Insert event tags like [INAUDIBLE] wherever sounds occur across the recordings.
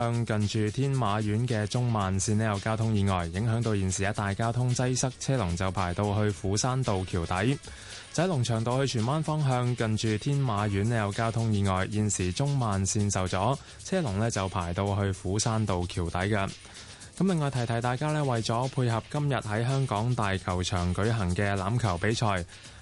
向近住天馬苑,嘅中慢線咧有交通意外，影響到現時一大交通擠塞，車龍就排到去斧山道橋底。喺龍翔道去荃灣方向，近住天馬苑咧有交通意外，現時中慢線受阻，車龍呢就排到去斧山道橋底嘅。咁另外提提大家呢，為咗配合今日喺香港大球場舉行嘅欖球比賽，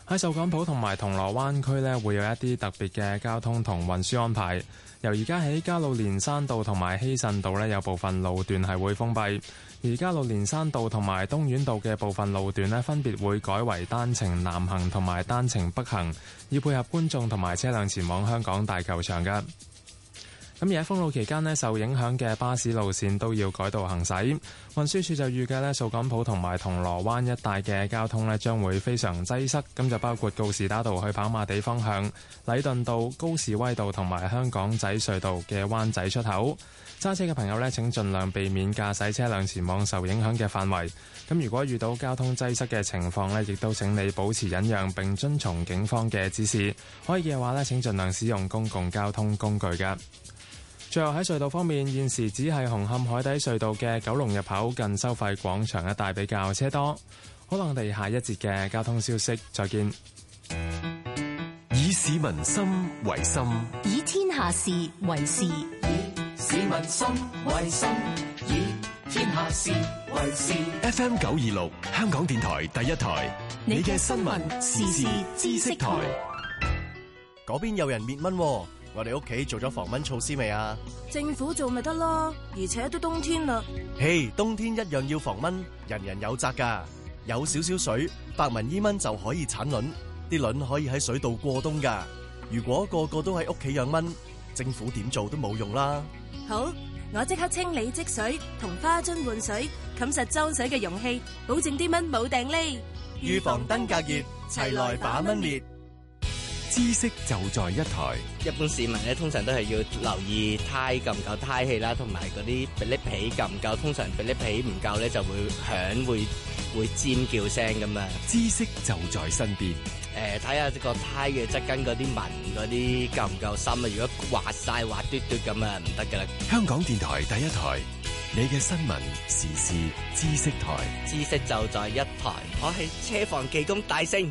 喺掃桿埔同埋銅鑼灣區呢會有一啲特別嘅交通同運輸安排。由而家喺加路連山道同埋希慎道呢，有部分路段係會封閉。而加路連山道同埋東院道嘅部分路段呢，分別會改為單程南行同埋單程北行，以配合觀眾同埋車輛前往香港大球場嘅。咁而喺封路期間呢受影響嘅巴士路線都要改道行駛。運輸署就預計呢，掃桿埔同埋銅鑼灣一帶嘅交通呢，將會非常擠塞。咁就包括告士打道去跑馬地方向、禮頓道、高士威道同埋香港仔隧道嘅灣仔出口。揸車嘅朋友呢，請盡量避免駕駛車輛前往受影響嘅範圍。咁如果遇到交通擠塞嘅情況呢，亦都請你保持忍讓並遵從警方嘅指示。可以嘅話呢，請盡量使用公共交通工具㗎。最後喺隧道方面，現時只係紅磡海底隧道嘅九龍入口近收費廣場一帶比較車多，可能我哋下一節嘅交通消息再見。以市民心為心，以天下事為事。以市民心為心，以天下事為事。F M 九二六，香港電台第一台，你嘅新聞時事知識台。嗰邊有人滅蚊啊。我哋屋企做咗防蚊措施未啊？政府做咪得咯，而且都冬天啦。嘿，hey, 冬天一樣要防蚊，人人有責㗎。有少少水，白紋伊蚊就可以產卵，啲卵可以喺水度過冬㗎。如果個個都喺屋企養蚊，政府點做都冇用啦。好，我即刻清理積水同花樽換水，冚實裝水嘅容器，保證啲蚊冇定匿。預防登革熱，齊來把蚊滅。知識就在一台。一般市民咧，通常都係要留意胎夠唔夠胎氣啦，同埋嗰啲逼力皮夠唔夠。通常逼力皮唔夠咧，就會響，會會尖叫聲咁啊。知識就在身邊。誒、呃，睇下個胎嘅側跟嗰啲紋嗰啲夠唔夠深啊。如果滑晒滑嘟嘟咁啊，唔得噶啦。香港電台第一台，你嘅新聞時事知識台，知識就在一台。我係車房技工大聲。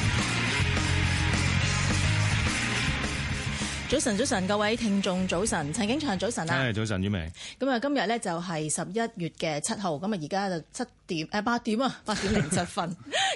早晨，早晨，各位聽眾早晨，陳景祥，早晨啦，誒，早晨，婉薇。咁啊，今日咧就係十一月嘅七號，咁啊而家就七點八點啊，八點零七分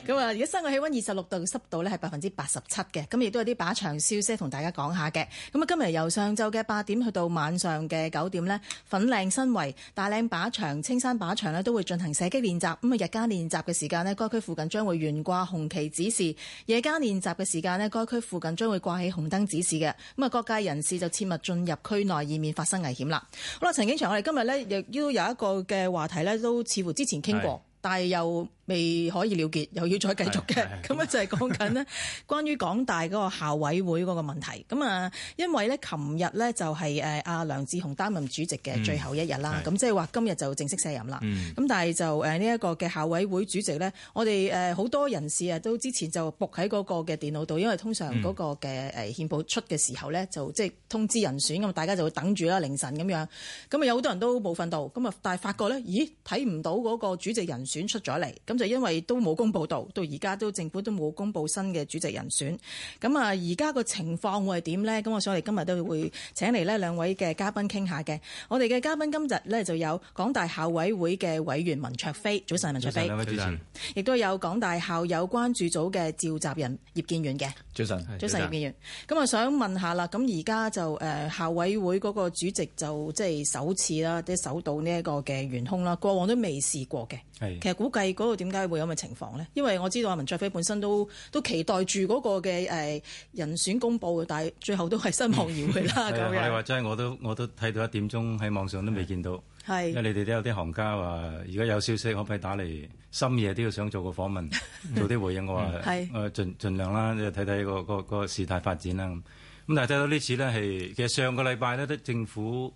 咁啊！而家室外氣温二十六度，濕度呢係百分之八十七嘅。咁亦都有啲靶場消息同大家講下嘅。咁啊，今日由上晝嘅八點去到晚上嘅九點呢，粉嶺新圍、大嶺靶場、青山靶場呢都會進行射擊練習。咁啊，日間練習嘅時間呢，該區附近將會懸掛紅旗指示；夜間練習嘅時間呢，該區附近將會掛起紅燈指示嘅。咁啊，各界人士就切勿進入區內，以免發生危險啦。好啦，陳景祥，我哋今日呢亦都有一個嘅話題呢，都似乎之前傾過。但係又，未可以了結又要再繼續嘅，咁啊就係講緊咧關於港大嗰個校委會嗰個問題，咁啊，因為咧，琴日咧就係誒阿梁智鴻擔任主席嘅最後一日啦。咁、嗯、即係話今日就正式卸任啦。咁、嗯、但係就誒呢一個嘅校委會主席咧，我哋誒好多人士啊都之前就伏喺嗰個嘅電腦度，因為通常嗰個嘅誒憲報出嘅時候咧，嗯、就即係通知人選咁，大家就會等住啦凌晨咁樣，咁啊有好多人都冇瞓到，咁啊但係發覺咧，咦睇唔到嗰個主席人選出咗嚟。就因為都冇公布到，到而家都政府都冇公布新嘅主席人選，咁啊，而家個情況會係點咧？咁我所以今日都會請嚟咧兩位嘅嘉賓傾下嘅。我哋嘅嘉賓今日咧就有港大校委會嘅委員文灼非，早晨，文灼非，兩位主持，亦都有港大校友關注組嘅召集人葉建源嘅。早晨，早晨，葉建源。咁、呃、啊，想問下啦，咁而家就誒校委會嗰個主席就即係首次啦，即係首度呢一個嘅懸空啦，過往都未試過嘅。係是，其實估計嗰個。點解會有咁嘅情況咧？因為我知道阿文灼非本身都都期待住嗰個嘅誒人選公佈，但係最後都係失望而回啦。咁你話齋真係我都我都睇到一點鐘喺網上都未見到。係的，因為你哋都有啲行家話，而家有消息可唔可以打嚟？深夜都要想做個訪問，嗯、做啲回應的話、嗯、的我啊。係，我盡盡量啦，即睇睇個個、嗰個事態發展啦。咁但係睇到這次呢次咧係，其實上個禮拜咧都政府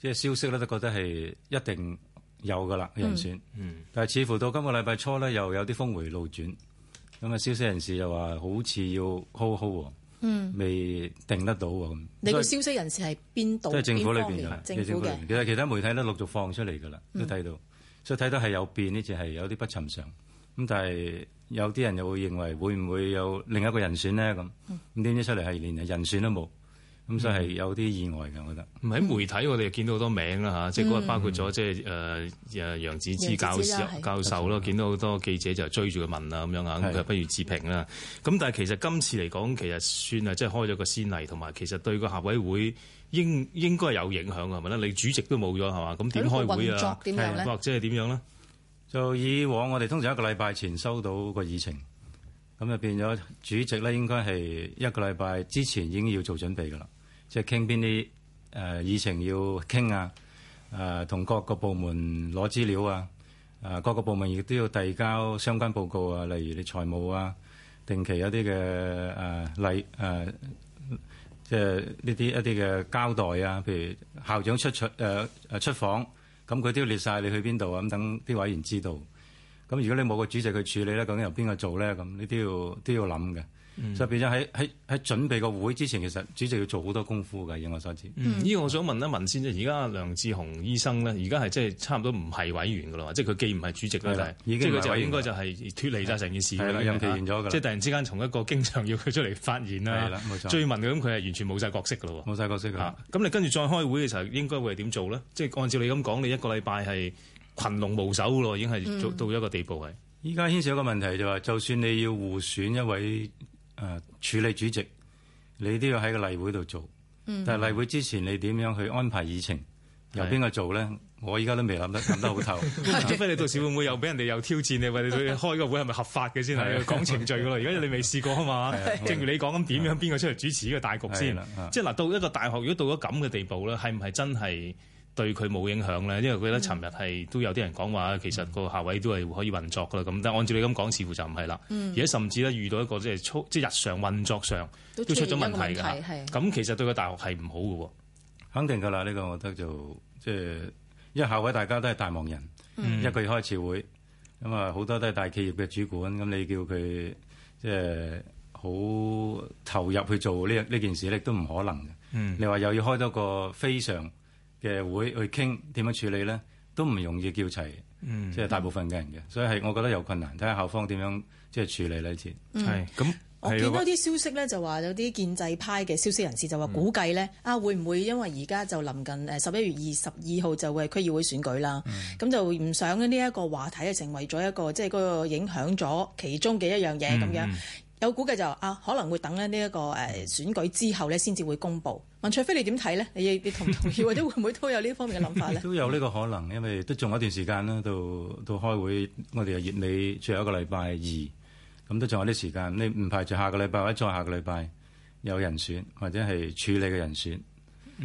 即係消息咧都覺得係一定。有噶啦人選，嗯嗯、但係似乎到今個禮拜初咧，又有啲峰迴路轉，咁啊消息人士又話好似要 hold hold，、嗯、未定得到喎咁。你個消息人士係邊度？以即係政府裏面，面政府其實其他媒體都陸續放出嚟噶啦，都睇到，嗯、所以睇到係有變呢，只、就、係、是、有啲不尋常。咁但係有啲人又會認為會唔會有另一個人選咧咁？咁點、嗯、知出嚟係連人選都冇。咁、嗯、所以係有啲意外嘅，我覺得。唔係喺媒體，我哋見到好多名啦吓，嗯、即嗰日包括咗即係誒誒楊紫芝教授梓梓梓教授咯，見到好多記者就追住佢問啊咁樣啊，咁是不如置評啦。咁是但係其實今次嚟講，其實算係即係開咗個先例，同埋其實對個校委會應應該有影響係係咪咧？你主席都冇咗係嘛？咁點開會啊？或者係點樣咧？就以往我哋通常一個禮拜前收到個議程，咁就變咗主席咧，應該係一個禮拜之前已經要做準備嘅啦。即係傾邊啲誒議程要傾啊，誒、啊、同各個部門攞資料啊，誒、啊、各個部門亦都要遞交相關報告啊，例如你財務啊，定期一啲嘅誒例誒、啊，即係呢啲一啲嘅交代啊，譬如校長出、啊、出誒誒、啊、出訪，咁、嗯、佢都要列晒你去邊度啊，咁等啲委員知道。咁、嗯、如果你冇個主席去處理咧，究竟由邊個做咧？咁你都要都要諗嘅。嗯、特別就喺喺喺準備個會之前，其實主席要做好多功夫㗎，我所知。呢、嗯、個我想問一問先啫。而家梁智鴻醫生咧，而家係即係差唔多唔係委員㗎啦，即係佢既唔係主席啦，但係的是即佢就應該就係脱離晒成件事㗎啦。即係突然之間從一個經常要佢出嚟發言啦，追問咁佢係完全冇晒角色㗎啦。冇晒角色㗎。咁你跟住再開會嘅時候，應該會係點做咧？即係按照你咁講，你一個禮拜係群龍無首咯，已經係做到一個地步係。依家、嗯、牽涉一個問題就係話，就算你要互選一位。誒，處理主席，你都要喺個例會度做。嗯、但係例會之前，你點樣去安排議程，由邊個做咧？的我依家都未諗得諗得好透。 [LAUGHS] 的的除非你到時會唔會又俾人哋又挑戰你？為 [LAUGHS] 你開個會係咪合法嘅先係講程序㗎喇？如果而家你未試過啊嘛，正如你講咁，點樣邊個出嚟主持呢個大局先？即係嗱，到一個大學，如果到咗咁嘅地步咧，係唔係真係？對佢冇影響咧，因為佢覺得尋日係都有啲人講話，嗯、其實個校委都係可以運作噶啦。咁但係按照你咁講，似乎就唔係啦。嗯、而家甚至咧遇到一個即係粗即係日常運作上都出咗問題㗎。咁是其實對個大學係唔好嘅喎，肯定㗎啦。呢、呢個我覺得就即、係、係因為校委大家都係大忙人，嗯、一個月開次會，咁啊好多都係大企業嘅主管，咁你叫佢即係好投入去做呢呢件事咧，都唔可能嘅。嗯、你話又要開多個非常嘅會去傾點樣處理咧，都唔容易叫齊，即係、嗯、大部分嘅人嘅，所以係我覺得有困難。睇下校方點樣即係處理呢次。係咁、嗯，那我見到啲消息咧，就話有啲建制派嘅消息人士就話估計咧、嗯、啊，會唔會因為而家就臨近誒十一月二十二號就會係區議會選舉啦？咁、嗯、就唔想呢一個話題啊，成為咗一個即係嗰個影響咗其中嘅一樣嘢咁樣。嗯嗯有估計就是、啊，可能會等咧呢一個誒、呃、選舉之後咧，先至會公布。文灼非你點睇咧？你你同唔同意，或者會唔會都有呢方面嘅諗法咧？ [LAUGHS] 都有呢個可能，因為都仲有一段時間啦，到到開會，我哋又月尾最後一個禮拜二，咁都仲有啲時間。你唔排除下個禮拜或者再下個禮拜有人選，或者係處理嘅人選，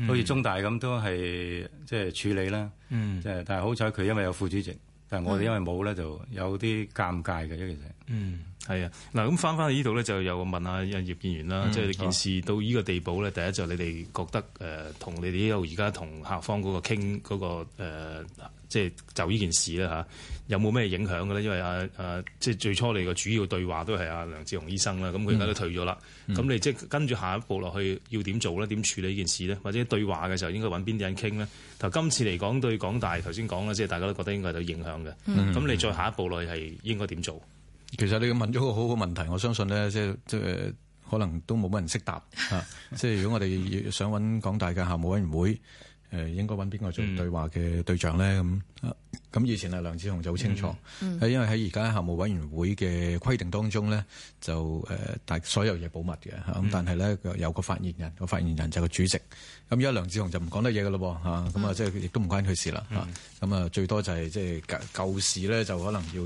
好似、嗯、中大咁都係即係處理啦。嗯、但係好彩佢因為有副主席，但係我哋因為冇咧，嗯、就有啲尷尬嘅啫，其實。嗯。係啊，嗱咁翻翻去呢度咧，就又問下葉建源啦，嗯、即係件事到呢個地步咧，嗯、第一就是、你哋覺得誒，同、呃、你哋依度而家同客方嗰個傾嗰、那個、呃、即係就呢件事啦、啊、有冇咩影響嘅咧？因為阿、啊、即係最初你個主要對話都係阿梁志雄醫生啦，咁佢而家都退咗啦，咁、嗯、你即係跟住下一步落去要點做咧？點處理呢件事咧？或者對話嘅時候應該揾邊啲人傾咧？頭今次嚟講對港大頭先講啦，即係大家都覺得應該係有影響嘅，咁、嗯、你再下一步落去係應該點做？其實你問咗個好好嘅問題，我相信咧，即係即係可能都冇乜人識答吓。 [LAUGHS] 即係如果我哋想揾港大嘅校務委員會。誒應該揾邊個做對話嘅對象咧？咁咁、嗯、以前啊，梁智雄就好清楚，嗯嗯、因為喺而家校務委員會嘅規定當中咧，就誒大、呃、所有嘢保密嘅，咁、嗯、但係咧有個發言人，個發言人就個主席。咁而家梁智雄就唔講得嘢㗎喇喎，咁、嗯、啊，即係亦都唔關佢事啦，咁、嗯、啊，最多就係即係舊事咧，就可能要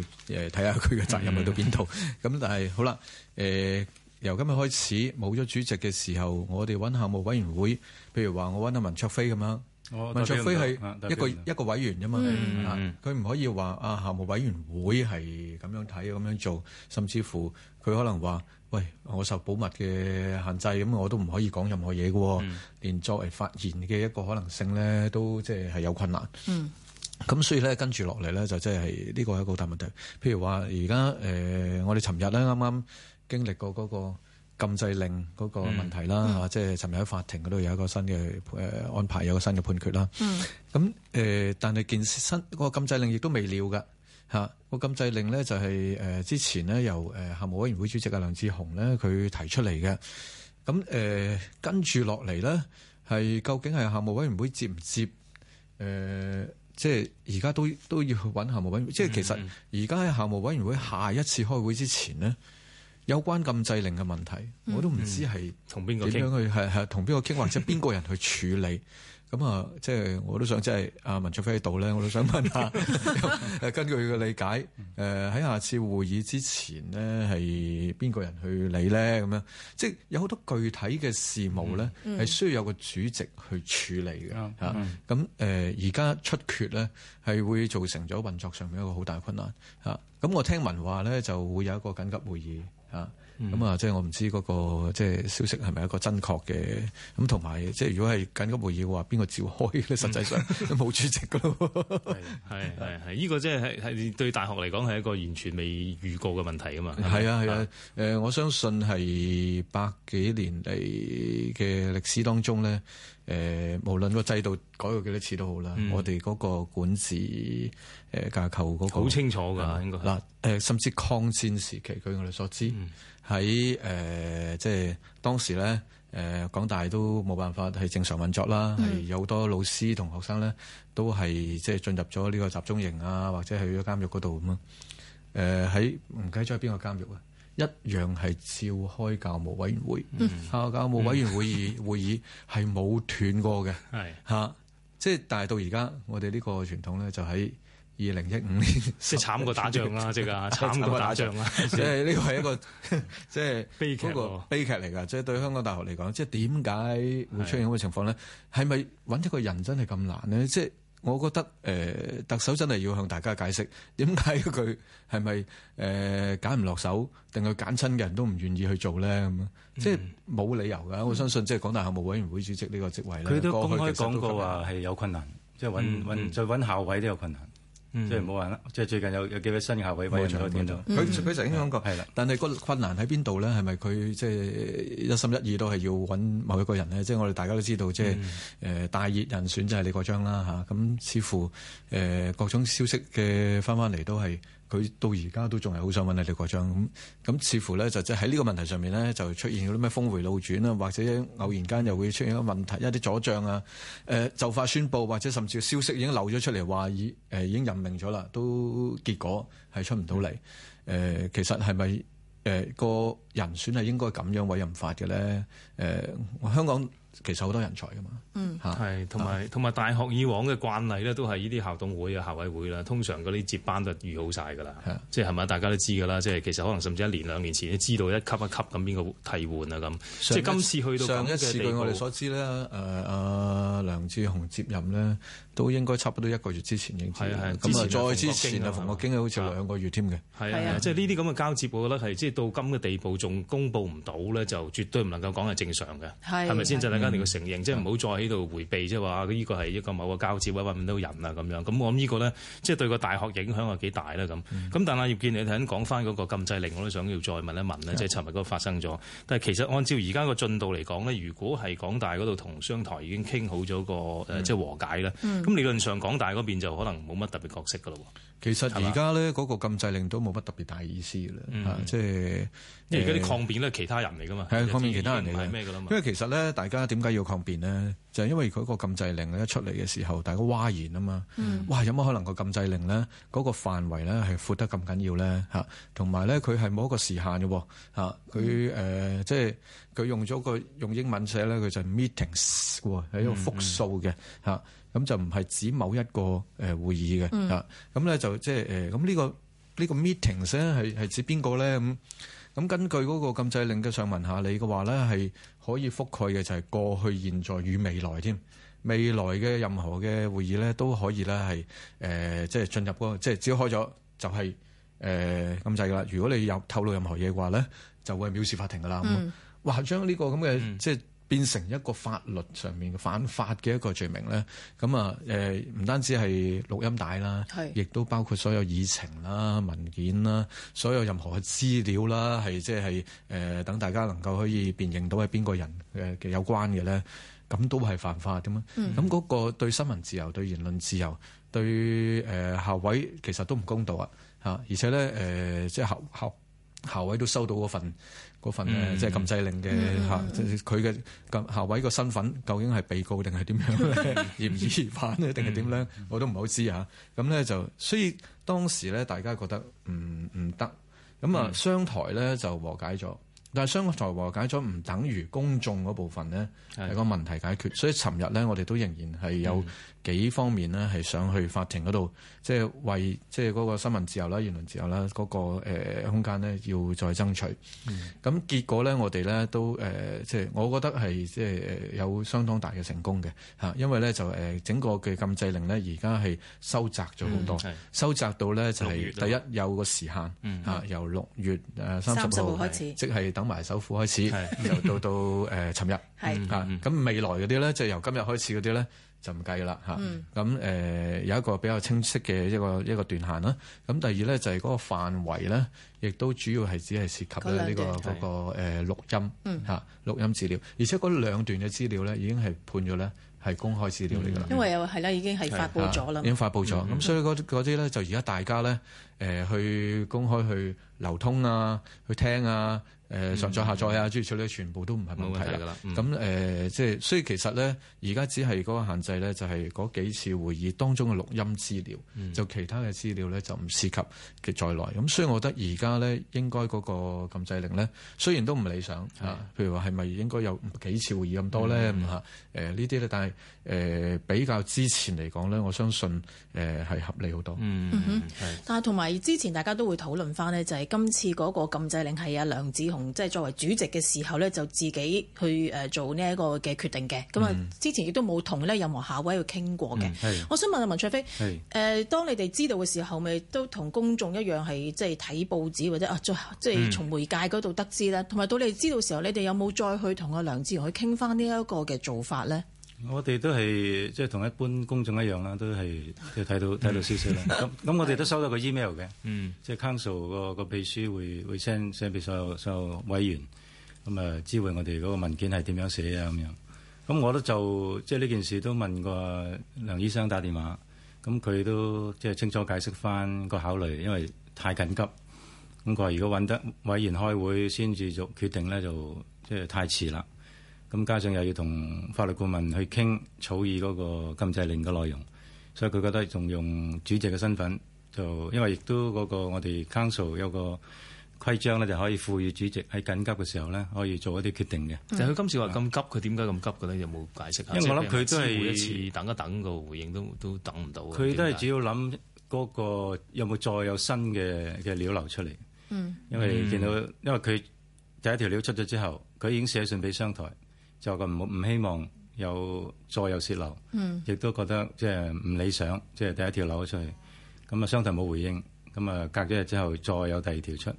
睇下佢嘅責任去到邊度。咁、嗯、但係好啦，誒、呃、由今日開始冇咗主席嘅時候，我哋揾校務委員會，譬如話我揾阿文灼非咁樣。文灼非係一個一個委員啫嘛，佢唔、嗯、可以話啊，校務委員會係咁樣睇咁樣做，甚至乎佢可能話：喂，我受保密嘅限制，咁我都唔可以講任何嘢嘅喎，嗯、連作為發言嘅一個可能性咧，都即係係有困難。咁、嗯、所以咧，跟住落嚟咧，就即係係呢個係個大問題。譬如話，而家誒，我哋尋日咧啱啱經歷過嗰、那個、禁制令嗰個問題啦嚇，即係尋日喺法庭嗰度有一個新嘅誒、呃、安排，有一個新嘅判決啦。咁誒、嗯呃，但係見新個禁制令亦都未了嘅嚇。個、啊、禁制令咧就係、是、誒、呃、之前咧由誒校務委員會主席啊梁志雄咧佢提出嚟嘅。咁誒跟住落嚟咧，係、呃、究竟係校務委員會接唔接？誒即係而家都都要去揾校務委員會。嗯、即係其實而家喺校務委員會下一次開會之前咧。有關禁制令嘅問題，我都唔知係同邊個點樣去係係同邊個傾，或者邊個人去處理咁啊？即係我都想，即係阿文灼非喺度咧，我都想問下，根據佢嘅理解，誒喺下次會議之前咧，係邊個人去理咧？咁樣即係有好多具體嘅事務咧，係需要有個主席去處理嘅嚇。咁誒而家出缺咧，係會造成咗運作上面一個好大困難嚇。咁我聽聞話咧，就會有一個緊急會議。啊，咁啊、嗯，即係我唔知嗰個即係消息係咪一個真確嘅，咁同埋即係如果係緊急會議話邊個召開咧，實際上都冇、嗯、主席噶咯，係係係，呢個即係係對大學嚟講係一個完全未遇過嘅問題啊嘛，係啊係啊，啊啊我相信係百幾年嚟嘅歷史當中咧。誒、呃，無論個制度改過幾多次都好啦，嗯、我哋嗰個管治誒架構嗰、那個好清楚㗎，應該嗱誒，甚至抗戰時期，據我哋所知，喺誒、嗯呃、即係當時咧，誒、呃、港大都冇辦法係正常運作啦，係有好多老師同學生咧都係即係進入咗呢個集中營啊，或者去咗監獄嗰度咁樣誒喺唔記得咗喺邊個監獄啊？一樣係召開教務委員會，嗯、教務委員會議、嗯、會議係冇斷過嘅，嚇是，即係但係到而家，我哋呢個傳統咧就喺二零一五年，即係慘過打仗啦，即係、啊、慘過打仗啦，即係呢個係一個即係 [LAUGHS] 悲劇，個悲劇嚟㗎，即、就、係、是、對香港大學嚟講，即係點解會出現咁嘅情況咧？係咪搵一個人真係咁難咧？即、就是我覺得誒、呃、特首真係要向大家解釋點解佢係咪誒揀唔落手，定係揀親嘅人都唔願意去做咧咁，嗯、即係冇理由㗎。嗯、我相信即係港大校務委員會主席呢個職位咧，佢都公開講過話係有困難，即係揾揾再揾校委都有困難。嗯嗯即係唔好話啦，即係最近有有幾位新嘅校委委員喺度錯到，佢佢曾經講過。係啦、嗯，但係個困難喺邊度咧？係咪佢即係一心一意都係要揾某一個人咧？即、就、係、是、我哋大家都知道，即、就、係、是嗯呃、大熱人選就係李國章啦咁、啊、似乎誒、呃、各種消息嘅翻翻嚟都係。佢到而家都仲係好想揾你李國章咁咁，似乎咧就即喺呢個問題上面咧就出現咗啲咩峰回路轉啊，或者偶然間又會出現一啲問題，一啲阻障啊，就、呃、快宣佈，或者甚至消息已經漏咗出嚟，話已誒、呃、已經任命咗啦，都結果係出唔到嚟。其實係咪誒個人選係應該咁樣委任法嘅咧、呃？香港其實好多人才㗎嘛。嗯，係，同埋同埋大學以往嘅慣例咧，都係呢啲校董會啊、校委會啦，通常嗰啲接班就預好晒㗎啦。即係係咪大家都知㗎啦？即係其實可能甚至一年兩年前都知道一級一級咁邊個替換啊咁。即係今次去到上一次據我哋所知咧，誒阿梁志雄接任咧，都應該差不多一個月之前應知。係啊係啊，咁啊再之前啊馮國經好似兩個月添嘅。係啊，即係呢啲咁嘅交接，我覺得係即係到今嘅地步仲公佈唔到咧，就絕對唔能夠講係正常嘅。係，係咪先？就李家傑嘅承認，即係唔好再。呢度回避即係話，呢個係一個某個交接啊，揾唔到人啊咁樣。咁我諗呢個咧，即係對個大學影響係幾大咧咁。咁、嗯、但係葉建你頭先講翻嗰個禁制令，我都想要再問一問咧，即係尋日嗰個發生咗。但係其實按照而家個進度嚟講咧，如果係港大嗰度同商台已經傾好咗個誒，嗯、即係和解咧，咁、嗯、理論上港大嗰邊就可能冇乜特別角色噶咯。其實而家咧嗰個禁制令都冇乜特別大意思啦、嗯啊，即係而家啲抗辯咧，其他人嚟噶嘛，的抗辯其他人嚟係咩㗎嘛？因為其實咧，大家點解要抗辯咧？就係、是、因為嗰個禁制令一出嚟嘅時候，大家譁然啊嘛，嗯、哇！有乜可能個禁制令咧嗰、嗰個範圍咧係闊得咁緊要咧？同埋咧佢係冇一個時限嘅喎。佢即係佢用咗個用英文寫咧，佢就係 meetings 喎、啊，係一個複數嘅。咁就唔係指某一個誒會議嘅，啊咁咧就即係咁呢個呢個 meeting 咧係係指邊個咧？咁、嗯、咁根據嗰個禁制令嘅上文下，下理嘅話咧，係可以覆蓋嘅就係過去、現在與未來添。未來嘅任何嘅會議咧都可以咧係即係進入嗰個，即係只要開咗就係、是、誒、呃、禁制噶啦。如果你有透露任何嘢嘅話咧，就會藐視法庭噶啦。咁話、嗯、將呢個咁嘅即係。嗯變成一個法律上面嘅犯法嘅一個罪名咧，咁啊誒，唔單止係錄音帶啦，亦都是包括所有議程啦、文件啦、所有任何嘅資料啦，係即係等大家能夠可以辨認到係邊個人嘅、呃、有關嘅咧，咁都係犯法嘅嘛。咁嗰、嗯、個對新聞自由、對言論自由、對、呃、校委其實都唔公道啊！嚇，而且咧、呃即係校校校委都收到嗰份。份咧，即係禁制令嘅嚇，佢嘅、mm hmm. 下、就是、校委個身份究竟係被告定係點樣咧？嫌疑 [LAUGHS] 犯咧，定係點咧？Mm hmm. 我都唔好知嚇。咁咧就，所以當時咧，大家覺得唔唔得。咁、嗯、啊，商台咧就和解咗，但係商台和解咗唔等於公眾嗰部分咧係、mm hmm. 個問題解決。所以尋日咧，我哋都仍然係有。Mm hmm. 幾方面呢，係上去法庭嗰度，即、就、係、是、為即係嗰個新聞自由啦、言論自由啦嗰、那個、呃、空間呢要再爭取。咁、嗯、結果呢，我哋呢都誒，即、呃、係、就是、我覺得係即係有相當大嘅成功嘅嚇，因為呢就誒整個嘅禁制令呢，而家係收窄咗好多，嗯、收窄到呢就係第一有個時限嚇，嗯、由六月誒三十號開始，是即係等埋首府開始，又是到 [LAUGHS] 到誒尋、呃、日嚇。咁是、嗯啊、未來嗰啲呢，就是、由今日開始嗰啲呢，就唔計啦嚇，咁誒、嗯嗯、有一個比較清晰嘅一個一個斷限啦。咁第二咧就係嗰個範圍咧，亦都主要係只係涉及咧、這、呢個嗰、那個誒的、呃、錄音嚇、嗯、錄音資料，而且嗰兩段嘅資料咧已經係判咗咧係公開資料嚟嘅啦。嗯、因為又係啦，已經係發布咗啦，的已經發布咗咁，嗯嗯所以嗰啲咧就而家大家咧誒去公開去流通啊，去聽啊。誒、嗯、上載下載啊，諸如此類，全部都唔係問題啦。咁誒，即、嗯、係、呃、所以其實咧，而家只係嗰個限制咧，就係嗰幾次會議當中嘅錄音資料，嗯、就其他嘅資料咧就唔涉及嘅在內。咁所以，我覺得而家咧應該嗰個禁制令咧，雖然都唔理想啊。嗯、譬如話係咪應該有幾次會議咁多咧嚇？誒、嗯呃、呢啲咧，但係誒、呃、比較之前嚟講咧，我相信，誒係合理好多，嗯嗯，嗯是但係同埋之前大家都會討論翻呢，就係、是、今次嗰個禁制令係阿梁智鴻即係、就是、作為主席嘅時候呢，就自己去誒做呢一個嘅決定嘅。咁啊、嗯，之前亦都冇同呢任何校委去傾過嘅。嗯、我想問下文灼非，誒是當你哋知道嘅時候，咪都同公眾一樣係即係睇報紙或者啊，即係從媒介嗰度得知啦。同埋、嗯、到你哋知道的時候，你哋有冇再去同阿梁智鴻去傾翻呢一個嘅做法呢？ [NOISE] 我哋都係即係同一般公眾一樣啦，都係即係睇到睇到消息啦。咁咁 [LAUGHS] 我哋都收到個 email 嘅，即係 council 個個秘書會會 send send 俾所有所有委員，咁啊知會我哋嗰個文件係點樣寫啊咁樣。咁我都就即係呢件事都問過梁醫生打電話，咁佢都即係清楚解釋翻個考慮，因為太緊急。咁佢話如果搵得委員開會先至做決定咧，就即係太遲啦。咁加上又要同法律顧問去傾草擬嗰個禁制令嘅內容，所以佢覺得仲用主席嘅身份，就因為亦都嗰個我哋 council 有個規章咧，就可以賦予主席喺緊急嘅時候咧可以做一啲決定嘅。嗯。嗯、但佢今次話咁急，佢點解咁急嘅咧？有冇解釋下？因為我諗佢都係每一次等一等個回應都都等唔到。佢都係主要諗嗰個有冇再有新嘅嘅料流出嚟。嗯、因為見到，嗯、因為佢第一條料出咗之後，佢已經寫信俾商台。就咁唔希望有再有泄漏，亦都、嗯、覺得即係唔理想，即、就、係、是、第一條流咗出去，咁啊，雙頭冇回應，咁啊隔幾日之後再有第二條出，咁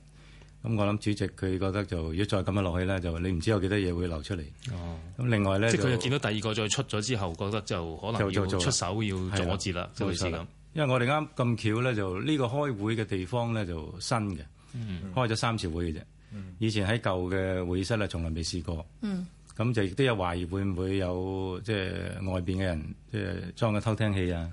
我諗主席佢覺得就，如果再咁樣落去咧，就你唔知有幾多嘢會流出嚟。哦，咁另外咧，即係佢見到第二個再出咗之後，覺得就可能要出手就要阻截啦，就係咁。因為我哋啱咁巧咧，就呢個開會嘅地方咧就新嘅，嗯、開咗三次會嘅啫，嗯、以前喺舊嘅會議室呢，從來未試過。嗯。咁就亦都有懷疑會唔會有即係外邊嘅人即係裝嘅偷聽器啊？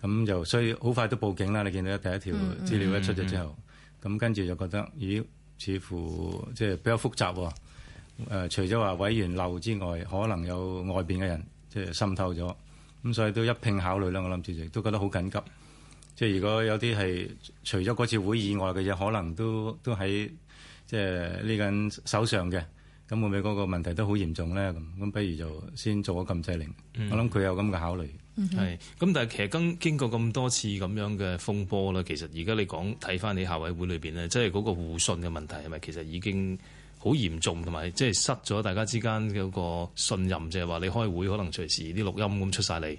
咁就、嗯、所以好快都報警啦！你見到第一條資料一出咗之後，咁、嗯嗯嗯、跟住就覺得咦，似乎即係比較複雜喎。除咗話委員漏之外，可能有外邊嘅人即係滲透咗。咁所以都一拼考慮啦。我諗住亦都覺得好緊急。即係如果有啲係除咗嗰次會以外嘅嘢，可能都都喺即係呢個人手上嘅。咁會唔會嗰個問題都好嚴重咧？咁咁不如就先做咗禁制令。嗯、我諗佢有咁嘅考慮。咁、嗯哼，但係其實經經過咁多次咁樣嘅風波啦，其實而家你講睇翻你校委會裏面咧，即係嗰個互信嘅問題係咪其實已經好嚴重，同埋即係失咗大家之間嗰個信任，即係話你開會可能隨時啲錄音咁出晒嚟，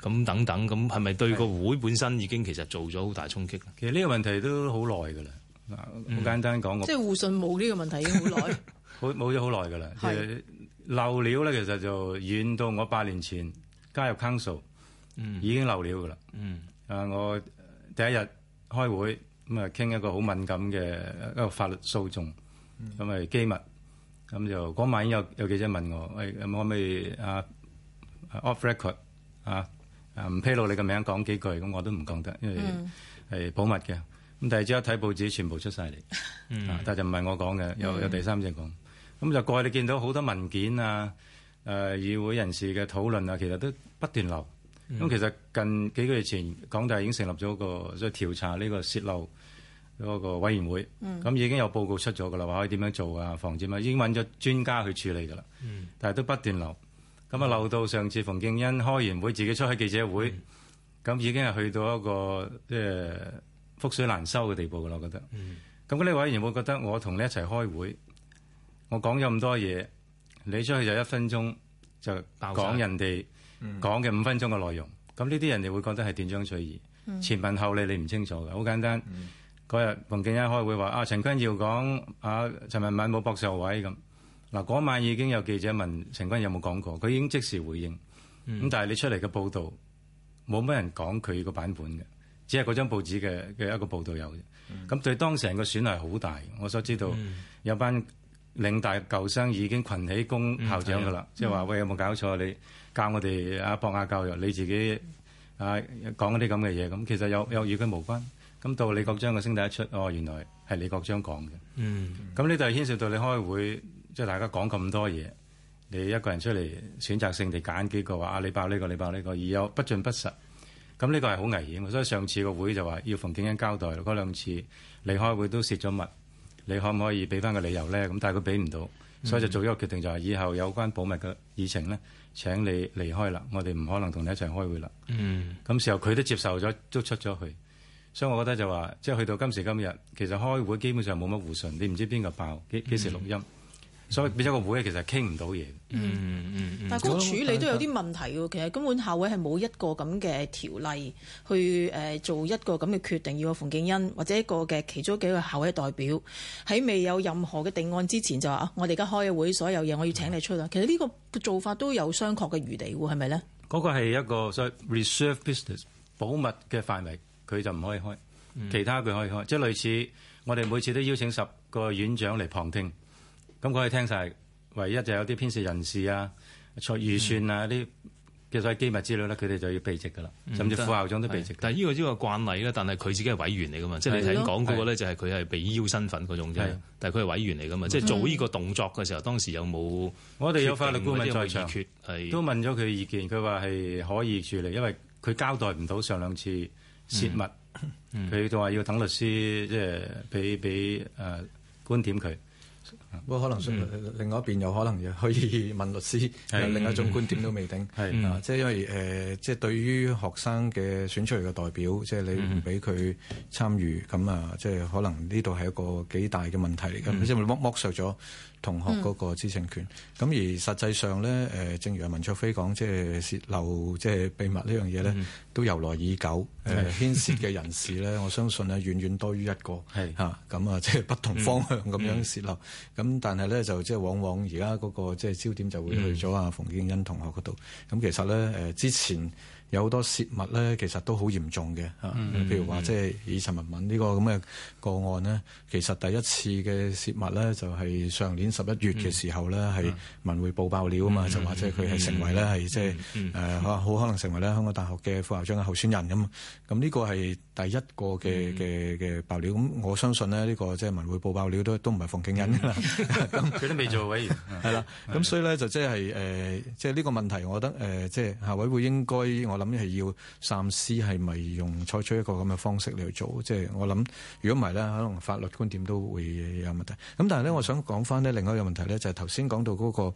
咁等等，咁係咪對個會本身已經其實做咗好大衝擊？其實呢個問題都好耐噶啦。好簡單講，嗯、即係互信冇呢個問題已經好耐。 [LAUGHS] 冇咗好耐㗎啦，漏是料咧，其實就遠到我八年前加入 Council，、嗯、已經漏料㗎啦。嗯、啊，我第一日開會咁啊，傾、嗯、一個好敏感嘅一個法律訴訟，咁係機密，咁、嗯、就嗰晚有有記者問我，喂、哎，可唔可以啊、uh, off record 啊，啊唔披露你嘅名講幾句，咁我都唔講得，因為係保密嘅。咁第二朝一睇報紙，全部出晒嚟、嗯啊，但就唔係我講嘅，有有第三者講。咁就過去你見到好多文件啊、誒、呃、議會人士嘅討論啊，其實都不斷流。咁、嗯、其實近幾個月前，港大已經成立咗個所以調查呢個洩漏嗰個委員會。咁、嗯、已經有報告出咗噶啦，話可以點樣做啊，防止乜？已經搵咗專家去處理噶啦。嗯、但係都不斷流。咁啊，流到上次馮敬恩開完會自己出喺記者會，咁、嗯、已經係去到一個即係、就是、覆水難收嘅地步噶啦，我覺得。咁嗰啲委員會覺得我同你一齊開會。我講咗咁多嘢，你出去就一分鐘就講人哋講嘅五分鐘嘅內容。咁呢啲人哋會覺得係斷章取義，嗯、前文後理你唔清楚嘅。好簡單。嗰日馮敬恩開會話啊，陳坤耀講啊，陳文敏冇博士學位咁嗱。嗰晚已經有記者問陳坤有冇講過，佢已經即時回應咁，嗯、但係你出嚟嘅報道冇乜人講佢個版本嘅，只係嗰張報紙嘅嘅一個報導有。嘅、嗯。咁對當時人嘅損害好大。我所知道、嗯、有班。領大舊生已經群起攻校長噶啦，嗯、即係話、嗯、喂，有冇搞錯？你教我哋啊博雅教育，你自己啊講嗰啲咁嘅嘢，咁其實有有與佢無關。咁到李國章嘅聲帶一出，哦，原來係李國章講嘅。嗯，咁呢度係牽涉到你開會，即係大家講咁多嘢，你一個人出嚟選擇性地揀幾個話啊，你爆呢個，你爆呢個，而有不盡不實。咁呢個係好危險，所以上次個會就話要馮敬恩交代，嗰兩次你開會都洩咗密。你可唔可以俾翻個理由咧？咁但係佢俾唔到，所以就做一個決定，就係、是、以後有關保密嘅議程咧，請你離開啦。我哋唔可能同你一齊開會啦。咁、嗯、時候佢都接受咗，都出咗去。所以我覺得就話，即係去到今時今日，其實開會基本上冇乜互信。你唔知邊個爆幾幾時錄音。嗯所以變咗個會其實傾唔到嘢，嗯嗯。嗯嗯嗯。嗯，但嗰個處理都有啲問題喎。其實根本校委係冇一個咁嘅條例去做一個咁嘅決定，要個馮敬恩或者一個嘅其中幾個校委代表喺未有任何嘅定案之前就話啊，我哋而家開嘅會所有嘢我要請你出啦。是的 其實呢個做法都有商榷嘅餘地喎，係咪咧？嗰個係一個所謂 reserve business 保密嘅範圍，佢就唔可以開。其他佢可以開，嗯、即係類似我哋每次都邀請十個院長嚟旁聽。咁佢哋聽晒，唯一就有啲編寫人士啊、財預算啊、啲叫做機密資料咧，佢哋就要避席噶啦，嗯、甚至副校長都避席。但呢個呢個慣例咧，但係佢自己係委員嚟噶嘛，的即係你頭先講過呢，咧，就係佢係被邀身份嗰種啫。的但係佢係委員嚟噶嘛，即係的做呢個動作嘅時候，的當時有冇？我哋有法律顧問在場，有有決都問咗佢意見，佢話係可以處理，因為佢交代唔到上兩次泄密，佢就話要等律師即係俾俾誒觀點佢。不過、嗯、可能另外一邊有可能又可以問律師，有是另外一種觀點都未定。是嗯、啊，即係因為誒、呃，即係對於學生嘅選出嚟嘅代表，即係你唔俾佢參與，咁啊，即係可能呢度係一個幾大嘅問題嚟㗎，嗯、即係剝削咗。同學嗰個知情權，咁、嗯、而實際上咧，誒正如阿文灼非講，即係洩漏即係秘密呢樣嘢咧，嗯、都由來已久。誒的牽涉嘅人士咧，的我相信咧遠遠多於一個，嚇咁啊，即係的、嗯、不同方向咁樣洩漏。咁、嗯、但係咧，就即係往往而家嗰個即係、就是、焦點就會去咗啊，馮敬恩同學嗰度。咁、嗯、其實咧，之前。有好多泄密咧，其實都好嚴重嘅嚇。譬如話即係以陳文敏呢個咁嘅個案咧，其實第一次嘅泄密咧就係上年十一月嘅時候咧，係文匯報爆料啊嘛。就話即係佢係成為咧係即係誒好可能成為咧香港大學嘅副校長嘅候選人咁。咁呢個係第一個嘅嘅嘅爆料。咁我相信咧呢個即係文匯報爆料都都唔係馮敬恩㗎啦。佢都未做委員係啦。咁所以咧就即係誒，即係呢個問題，我覺得誒，即係校委會應該我。咁係要三思，係咪用採取一個咁嘅方式嚟去做？即係我諗，如果唔係咧，可能法律觀點都會有問題。咁但係咧，我想講翻呢另外一個問題咧，就係頭先講到嗰個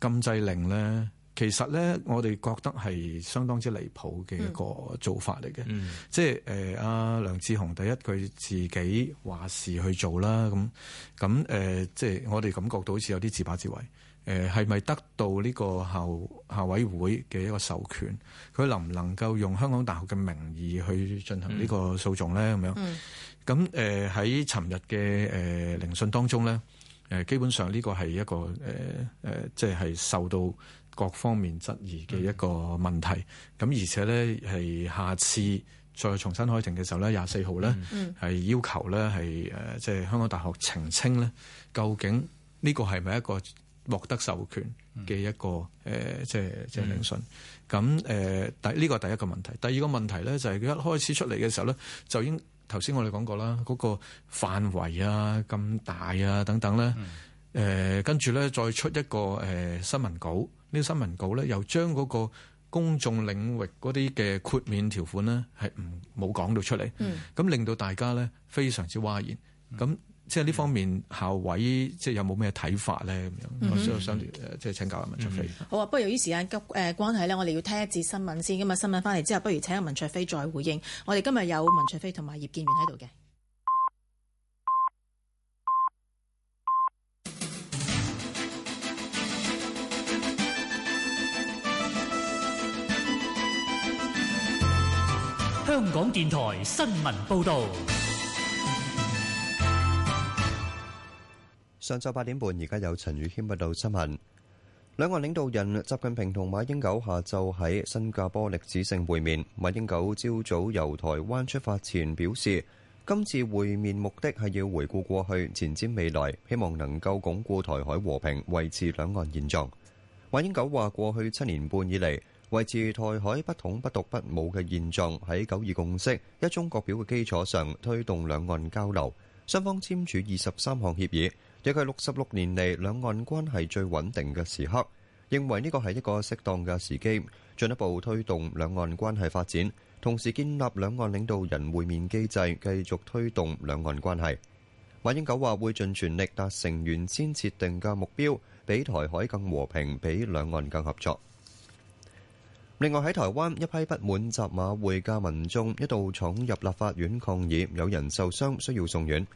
禁制令咧，其實咧我哋覺得係相當之離譜嘅一個做法嚟嘅，嗯呃呃。即係誒阿梁志雄，第一佢自己話事去做啦，咁咁誒，即係我哋感覺到好似有啲自把自為。誒係咪得到呢個校校委會嘅一個授權？佢能唔能夠用香港大學嘅名義去進行呢個訴訟呢？咁樣咁誒喺尋日嘅誒聆訊當中呢，基本上呢個係一個誒、呃、即係受到各方面質疑嘅一個問題。咁、嗯、而且呢，係下次再重新開庭嘅時候24呢，廿四號呢係要求呢係即係香港大學澄清呢，究竟呢個係咪一個？獲得授權嘅一個誒，即係即係聆訊。咁誒，第呢個第一個問題，第二個問題咧，就係佢一開始出嚟嘅時候咧，就已經頭先我哋講過啦，嗰、那個範圍啊咁大啊等等啦，跟住咧再出一個、呃、新聞稿，呢、這個、新聞稿咧又將嗰個公眾領域嗰啲嘅豁免條款咧係唔冇講到出嚟。咁令到大家咧非常之譁然。咁、嗯嗯即係呢方面校委即係有冇咩睇法咧咁樣？mm hmm. 我想想即係請教下文灼非。Mm hmm. 好啊，不過由於時間急誒關係咧，我哋要聽一節新聞先咁啊。今新聞翻嚟之後，不如請阿文灼非再回應。我哋今日有文灼非同埋葉建源喺度嘅。香港電台新聞報導。上晝八點半，而家有陳宇軒報道新聞。兩岸領導人習近平同馬英九下晝喺新加坡歷史性會面。馬英九朝早由台灣出發前表示，今次會面目的係要回顧過去，前瞻未來，希望能夠鞏固台海和平，維持兩岸現狀。馬英九話：過去七年半以嚟，維持台海不統、不獨、不武嘅現狀，喺九二共識、一中各表嘅基礎上推動兩岸交流，雙方簽署二十三項協議。這係六十六年嚟兩岸關係最穩定嘅時刻，認為呢個係一個適當嘅時機，進一步推動兩岸關係發展，同時建立兩岸領導人會面機制，繼續推動兩岸關係。馬英九話會盡全力達成原先設定嘅目標，比台海更和平，比兩岸更合作。另外喺台灣，一批不滿習馬會嘅民眾一度闖入立法院抗議，有人受傷需要送院。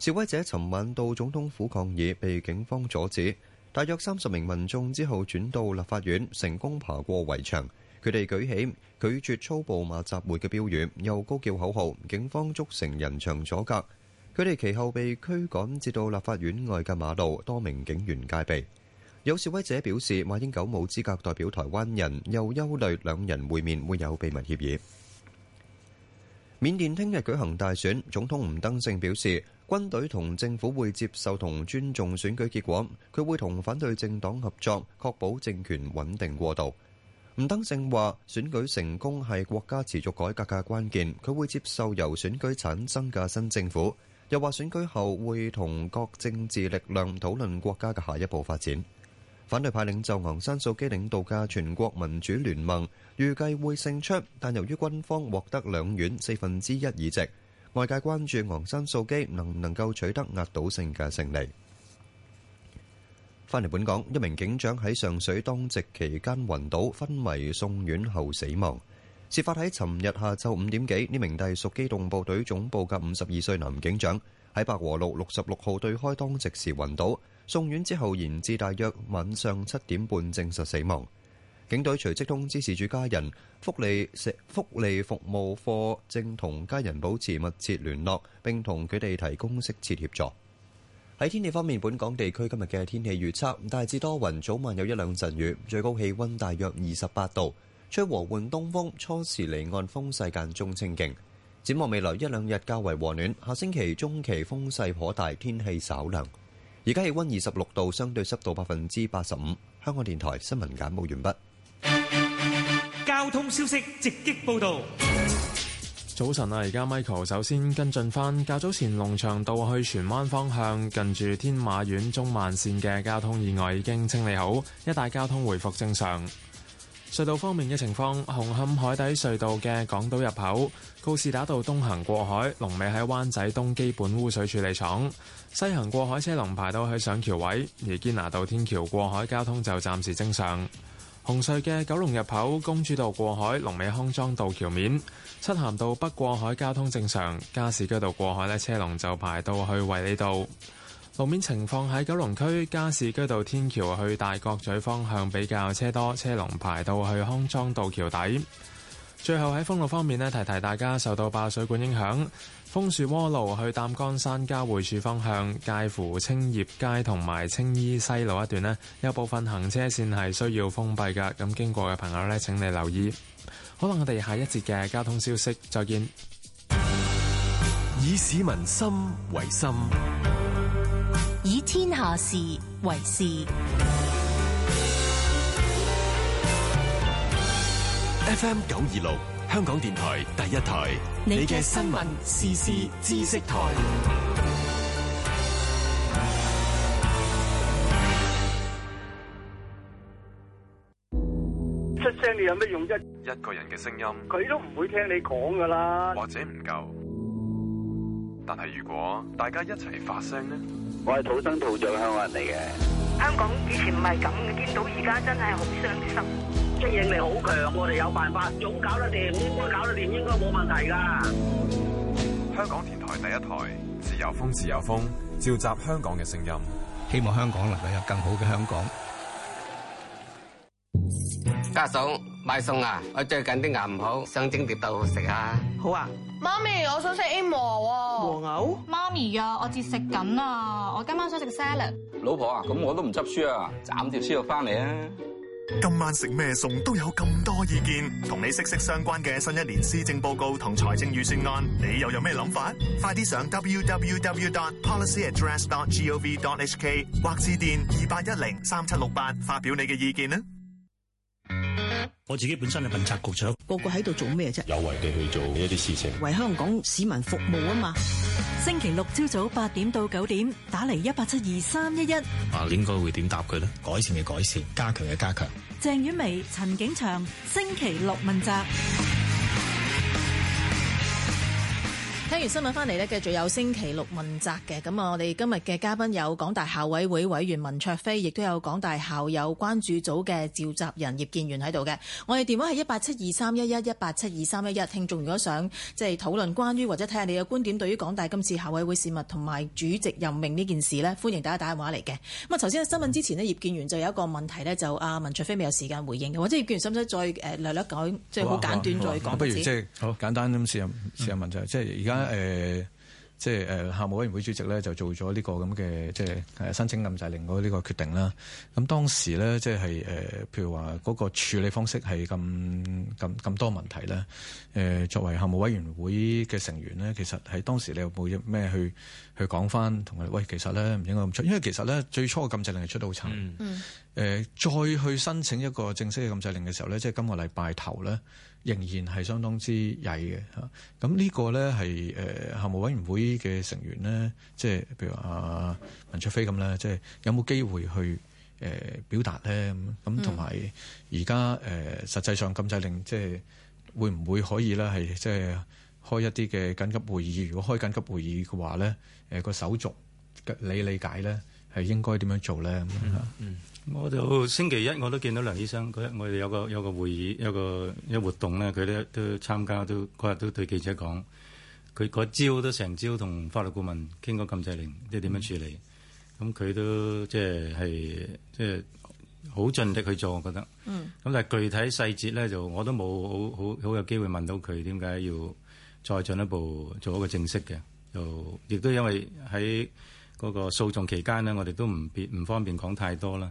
示威者尋晚到總統府抗議，被警方阻止。大約三十名民眾之後轉到立法院，成功爬過圍牆。佢哋舉起拒絕粗暴馬習會嘅標語，又高叫口號。警方捉成人牆阻隔佢哋。其後被驅趕至到立法院外嘅馬路，多名警員戒備。有示威者表示，馬英九冇資格代表台灣人，又憂慮兩人會面會有秘密協議。緬甸聽日舉行大選，總統吳登盛表示。軍隊同政府會接受同尊重選舉結果，佢會同反對政黨合作，確保政權穩定過渡。吳登盛話：選舉成功係國家持續改革嘅關鍵，佢會接受由選舉產生嘅新政府。又話選舉後會同各政治力量討論國家嘅下一步發展。反對派領袖昂山素姬領導嘅全國民主聯盟預計會勝出，但由於軍方獲得兩院四分之一議席。外界關注昂山素姬能唔能夠取得壓倒性嘅勝利。返嚟，本港，一名警長喺上水當值期間暈倒，昏迷送院後死亡。事發喺尋日下晝五點幾，呢名隸屬機動部隊總部嘅五十二歲男警長喺白和路六十六號對開當值時暈倒，送院之後延至大約晚上七點半證實死亡。警隊隨即通知事主家人，福利食福利服務課正同家人保持密切聯絡，並同佢哋提供適切協助。喺天氣方面，本港地區今日嘅天氣預測大致多雲，早晚有一兩陣雨，最高氣温大約二十八度，吹和緩東風，初時離岸風勢間中清勁。展望未來一兩日較為和暖，下星期中期風勢頗大，天氣稍涼。而家氣温二十六度，相對濕度百分之八十五。香港電台新聞簡報完畢。交通消息直擊報道。早晨啊，而家 Michael 首先跟進返較早前龍翔道去荃灣方向近住天馬苑中慢線嘅交通意外已經清理好，一帶交通回復正常。隧道方面的況，嘅情況，紅磡海底隧道嘅港島入口，告士打道東行過海龍尾喺灣仔東基本污水處理廠，西行過海車龍排到去上橋位，而堅拿道天橋過海交通就暫時正常。紅隧嘅九龍入口公主道過海，龍尾康莊道橋面，漆咸道北過海交通正常，加士居道過海咧車龍就排到去衛理道。路面情況喺九龍區加士居道天橋去大角咀方向比較車多，車龍排到去康莊道橋底。最後喺封路方面呢，提提大家受到爆水管影響。楓樹窩路去擔桿山交匯處方向，介乎青葉街同埋青衣西路一段咧，有部分行車線係需要封閉噶。咁經過嘅朋友呢，請你留意。好喇，我哋下一節嘅交通消息，再見。以市民心為心，以天下事為事。F M 九二六。香港電台第一台，你嘅新聞時事知識台。出聲你有咩用啫？一個人嘅聲音，佢都唔會聽你講噶啦。或者唔夠，但係如果大家一齊發聲呢，我係土生土長香港人嚟嘅。香港以前唔係咁，你見到而家真係好傷心。適應力好強，我哋有辦法，總搞得掂，應該搞得掂，應該冇問題噶。香港電台第一台，自由風，自由風，召集香港嘅聲音，希望香港能夠有更好嘅香港。家嫂買餸啊！我最近啲牙唔好，想蒸碟豆食啊。好啊，媽咪，我想食 A 毛啊。和牛？媽咪啊，我節食緊啊，我今晚想食 salad。老婆啊，咁我都唔執書啊，斬條豬肉翻嚟啊。今晚食咩餸都有咁多意見，同你息息相關嘅新一年施政報告同財政預算案，你又有咩諗法？快啲上 www.policyaddress.gov.hk 或致電二八一零三七六八發表你嘅意見。我自己本身係問責局長，個個喺度做咩啫？有為地去做一啲事情，為香港市民服務啊嘛！ [MUSIC] 星期六朝早八點到九點，打嚟一八七二三一一。啊，應該會點答佢咧？改善嘅改善，加強嘅加強。鄭婉薇、陳景祥，星期六問責。聽完新聞翻嚟呢，繼續有星期六問責嘅。咁啊，我哋今日嘅嘉賓有港大校委會委員文灼非，亦都有港大校友關注組嘅召集人葉建源喺度嘅。我哋電話係一八七二三一一一八七二三一一。聽眾如果想即係討論關於或者睇下你嘅觀點，對於港大今次校委會事務同埋主席任命呢件事呢，歡迎大家打電話嚟嘅。咁啊，頭先喺新聞之前呢，葉建源就有一個問題呢，就阿文灼非未有時間回應。或者葉建源使唔使再略略講，即係好簡、啊、短再講？不如即係就好、啊、簡單咁試下試問即係而家。嗯誒，即係誒，校務委員會主席咧就做咗呢個咁嘅即係申請禁制令嗰呢個決定啦。咁當時咧，即係誒，譬如話嗰個處理方式係咁咁咁多問題咧。誒、呃，作為校務委員會嘅成員咧，其實喺當時你有冇咩去去講翻同佢？喂，其實咧唔應該咁出，因為其實咧最初嘅禁制令係出得好慘、嗯呃。再去申請一個正式嘅禁制令嘅時候咧，即係今個禮拜頭咧。仍然係相當之曳嘅嚇，咁呢個咧係誒校務委員會嘅成員咧，即係譬如阿文灼非咁啦，即係有冇機會去誒表達咧？咁同埋而家誒實際上禁制令即係會唔會可以咧係即係開一啲嘅緊急會議？如果開緊急會議嘅話咧，誒、嗰個手續你理，理解咧？係應該點樣做咧、嗯？嗯，我就星期一我都見到梁醫生，我哋有個有個會議，有個一活動咧，佢都參加，都嗰日都對記者講，佢嗰朝都成朝同法律顧問傾過禁制令，即係點樣處理。咁佢、嗯、都即係即係好盡力去做，我覺得嗯。咁但係具體細節咧，就我都冇好好好有機會問到佢點解要再進一步做一個正式嘅，就亦都因為喺。嗰個訴訟期間咧，我哋都唔別唔方便講太多啦。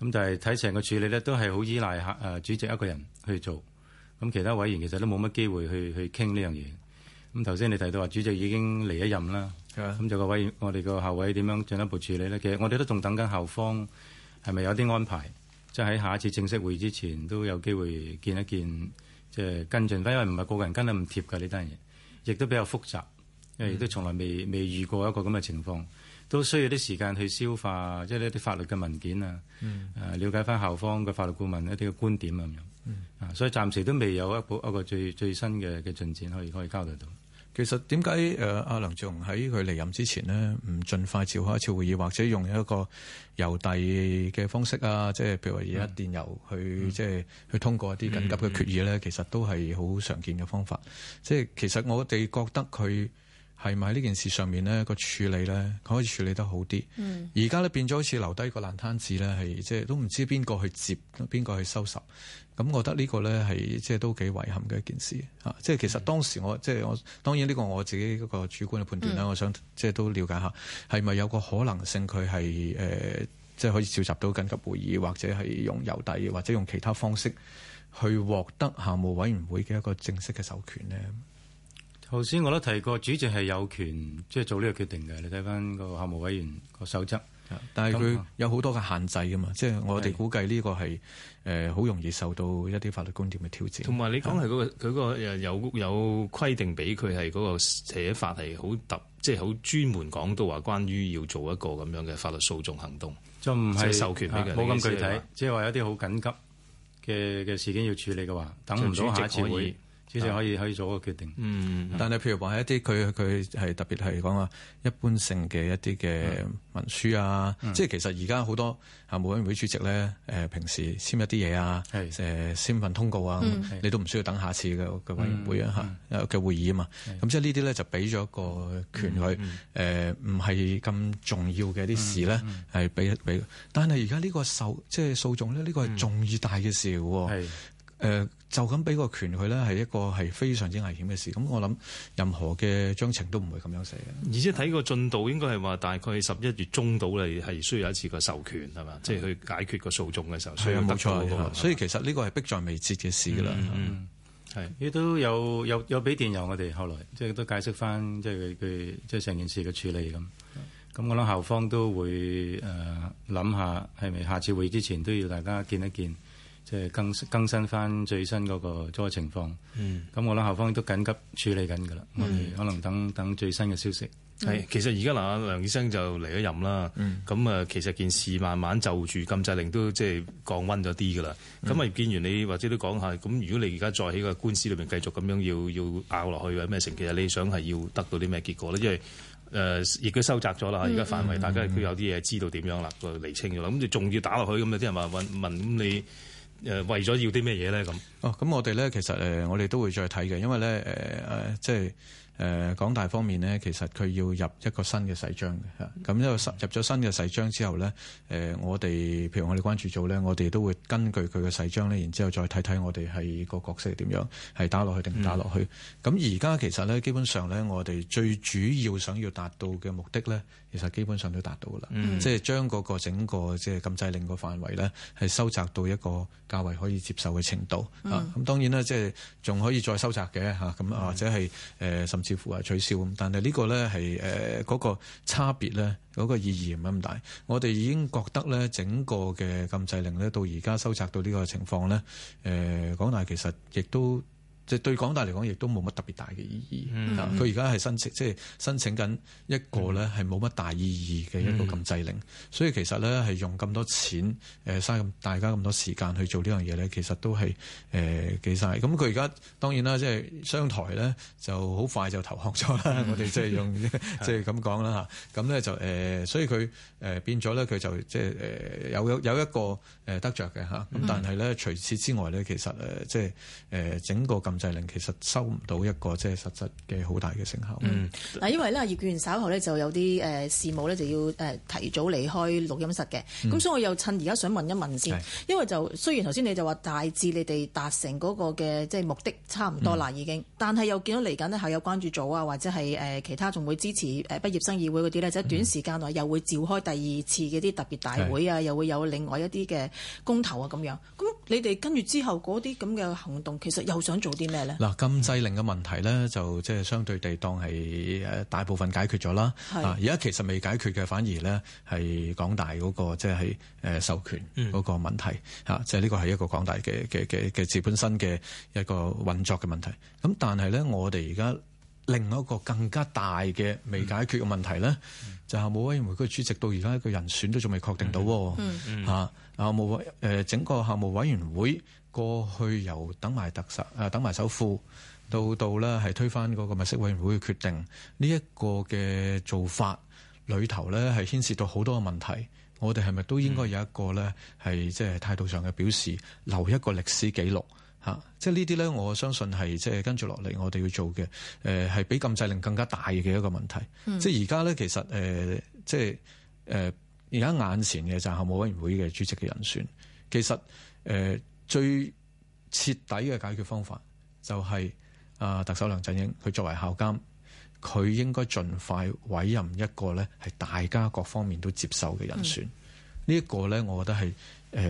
咁就係睇成個處理咧，都係好依賴、呃、主席一個人去做。咁其他委員其實都冇乜機會去去傾呢樣嘢。咁頭先你提到話主席已經離一任啦，咁的就個委員我哋個校委點樣進一步處理咧？其實我哋都仲等緊校方係咪有啲安排，即係喺下一次正式會議之前都有機會見一見，即係跟進。因為唔係個人跟得唔貼㗎呢單嘢，亦都比較複雜，因為亦都從來未未遇過一個咁嘅情況。嗯都需要啲時間去消化，即係呢啲法律嘅文件、嗯、啊，誒，瞭解翻校方嘅法律顧問一啲嘅觀點啊咁樣。嗯、啊，所以暫時都未有一個一個最最新嘅嘅進展可以可以交代到。其實點解誒阿梁智鴻喺佢離任之前呢，唔盡快召開一次會議，或者用一個郵遞嘅方式啊，即係譬如話而家電郵去即係、嗯、去，去通過一啲緊急嘅決議咧，嗯、其實都係好常見嘅方法。即係其實我哋覺得佢。係咪喺呢件事上面呢、呢個處理呢，佢可以處理得好啲？而家咧變咗好似留低個爛攤子呢，係即係都唔知邊個去接，邊個去收拾？咁我覺得呢個呢，係即係都幾遺憾嘅一件事吓即係、嗯、其實當時我即係我當然呢個我自己個個主觀嘅判斷啦。嗯、我想即係都了解下，係咪有個可能性佢係誒即係可以召集到緊急會議，或者係用郵遞或者用其他方式去獲得校務委員會嘅一個正式嘅授權呢？頭先我都提過，主席係有權即係、就是、做呢個決定嘅。你睇翻個校務委員個守則，但係佢有好多嘅限制㗎嘛。即係、嗯、我哋估計呢個係誒好容易受到一啲法律觀點嘅挑戰。同埋你講係嗰個佢是的 個有有，有規定俾佢係嗰個寫法係好特，即係好專門講到話關於要做一個咁樣嘅法律訴訟行動，就唔係授權俾佢，冇咁具體。即係話有啲好緊急嘅嘅事件要處理嘅話，等唔到下一次會其實可以可以做個決定，但係譬如話係一啲佢佢係特別係講話一般性嘅一啲嘅文書啊，即係其實而家好多啊委員會主席咧誒平時簽一啲嘢啊，誒簽份通告啊，你都唔需要等下次嘅嘅委員會啊嚇嘅會議啊嘛，咁即係呢啲咧就俾咗一個權佢誒，唔係咁重要嘅啲事咧係俾俾，但係而家呢個訴即係訴訟咧呢個係重要大嘅事喎，誒。就咁俾個權佢咧，係一個係非常之危險嘅事。咁我諗任何嘅章程都唔會咁樣寫嘅。而且睇個進度，應該係話大概十一月中度嚟，係需要一次個授權係嘛？即係是去解決個訴訟嘅時候，所以冇錯。所以其實呢個係迫在眉睫嘅事㗎啦、嗯。係的，亦都有有有俾電郵我哋，後來即係都解釋翻，即係佢即係成件事嘅處理咁。咁的我諗校方都會誒諗、呃、下，係咪下次會之前都要大家見一見。即係更更新翻最新嗰個災情況。咁、嗯、我諗後方都緊急處理緊㗎啦。嗯、我哋可能等等、等、等最新嘅消息。係其實而家嗱，梁醫生就嚟咗任啦。咁啊，其實、嗯、其實件事慢慢就住禁制令都即係降溫咗啲㗎啦。咁啊、嗯，阿葉建源你或者都講下，咁如果你而家再喺個官司裏邊繼續咁樣要要拗落去，有咩成？其實你想係要得到啲咩結果咧？因為誒亦都收窄咗啦。而家、嗯、範圍、嗯、大家都有啲嘢知道點樣啦，就釐清咗啦。咁就仲要打落去咁有啲人話問問你？誒為咗要啲咩嘢咧咁？哦，咁我哋咧其實、呃、我哋都會再睇嘅，因為咧、呃、即係誒、呃、港大方面咧，其實佢要入一個新嘅細章嘅吓。咁因為入咗新嘅細章之後咧，誒、呃、我哋譬如我哋關注組咧，我哋都會根據佢嘅細章咧，然之後再睇睇我哋係、個角色點樣，係打落去定唔打落去。咁而家其實咧，基本上咧，我哋最主要想要達到嘅目的咧。其實基本上都達到啦，嗯、即係將嗰個整個即係禁制令個範圍咧，係收窄到一個較為可以接受嘅程度、嗯、啊。咁當然啦，即係仲可以再收窄嘅嚇，咁或者係誒、呃、甚至乎係取消。但係呢個咧係誒嗰個差別咧，嗰、嗰個意義唔係咁大。我哋已經覺得咧，整個嘅禁制令咧到而家收窄到呢個情況咧，誒港大其實亦都。即係對港大嚟講亦都冇乜特別大嘅意義佢而家係申請，即、就、係、是、申請緊一個咧，係冇乜大意義嘅一個禁制令。嗯、所以其實咧，係用咁多錢，誒、嗯，嘥咁大家咁多時間去做呢樣嘢咧，其實都係誒幾晒。咁佢而家當然啦，即、就、係、是、商台咧就好快就投降咗啦。嗯、我哋即係用即係咁講啦吓，咁咧 [LAUGHS] 就誒、呃、所以佢誒、呃、變咗咧，佢就即係誒有有有一個誒得着嘅吓，咁但係咧，除此之外咧，其實誒即係誒整個。咁。禁制令其實收唔到一個即係實質嘅好大嘅成效。嗯，嗱、嗯，因為呢，葉議員稍後呢就有啲誒事務呢就要誒提早離開錄音室嘅。咁、嗯、所以我又趁而家想問一問先，是因為就雖然頭先你就話大致你哋達成嗰個嘅即係目的差唔多啦已經，嗯、但係又見到嚟緊呢係有關注組啊，或者係誒其他仲會支持誒畢業生議會嗰啲就喺、是、短時間內又會召開第二次嘅啲特別大會啊，是又會有另外一啲嘅公投啊咁樣。咁你哋跟住之後嗰啲咁嘅行動，其實又想做嗱，禁制令嘅問題咧，就即係相對地當係誒大部分解決咗啦。係是。而家其實未解決嘅，反而咧係港大嗰、嗰個即係誒授權嗰個問題嚇，即係呢個係一個港大嘅嘅嘅嘅自本身嘅一個運作嘅問題。咁但係咧，我哋而家另一個更加大嘅未解決嘅問題咧，嗯、就係校務委員會主席到而家一個人選都仲未確定到。嗯嗯。嚇、啊，校委誒整個校務委員會。過去由等埋特首，誒、啊、等埋首副，到到咧係推翻嗰個物色委員會嘅決定，呢、這、一個嘅做法裏頭咧係牽涉到好多嘅問題。我哋係咪都應該有一個咧係即係態度上嘅表示，留一個歷史記錄嚇、啊？即係呢啲咧，我相信係即係跟住落嚟我哋要做嘅誒，係、呃、比禁制令更加大嘅一個問題。嗯、即係而家咧，其實誒、呃、即係誒而家眼前嘅就係校務委員會嘅主席嘅人選，其實誒。呃最徹底嘅解決方法就係啊，特首梁振英佢作為校監，佢應該盡快委任一個咧係大家各方面都接受嘅人選呢一、嗯、個咧，我覺得係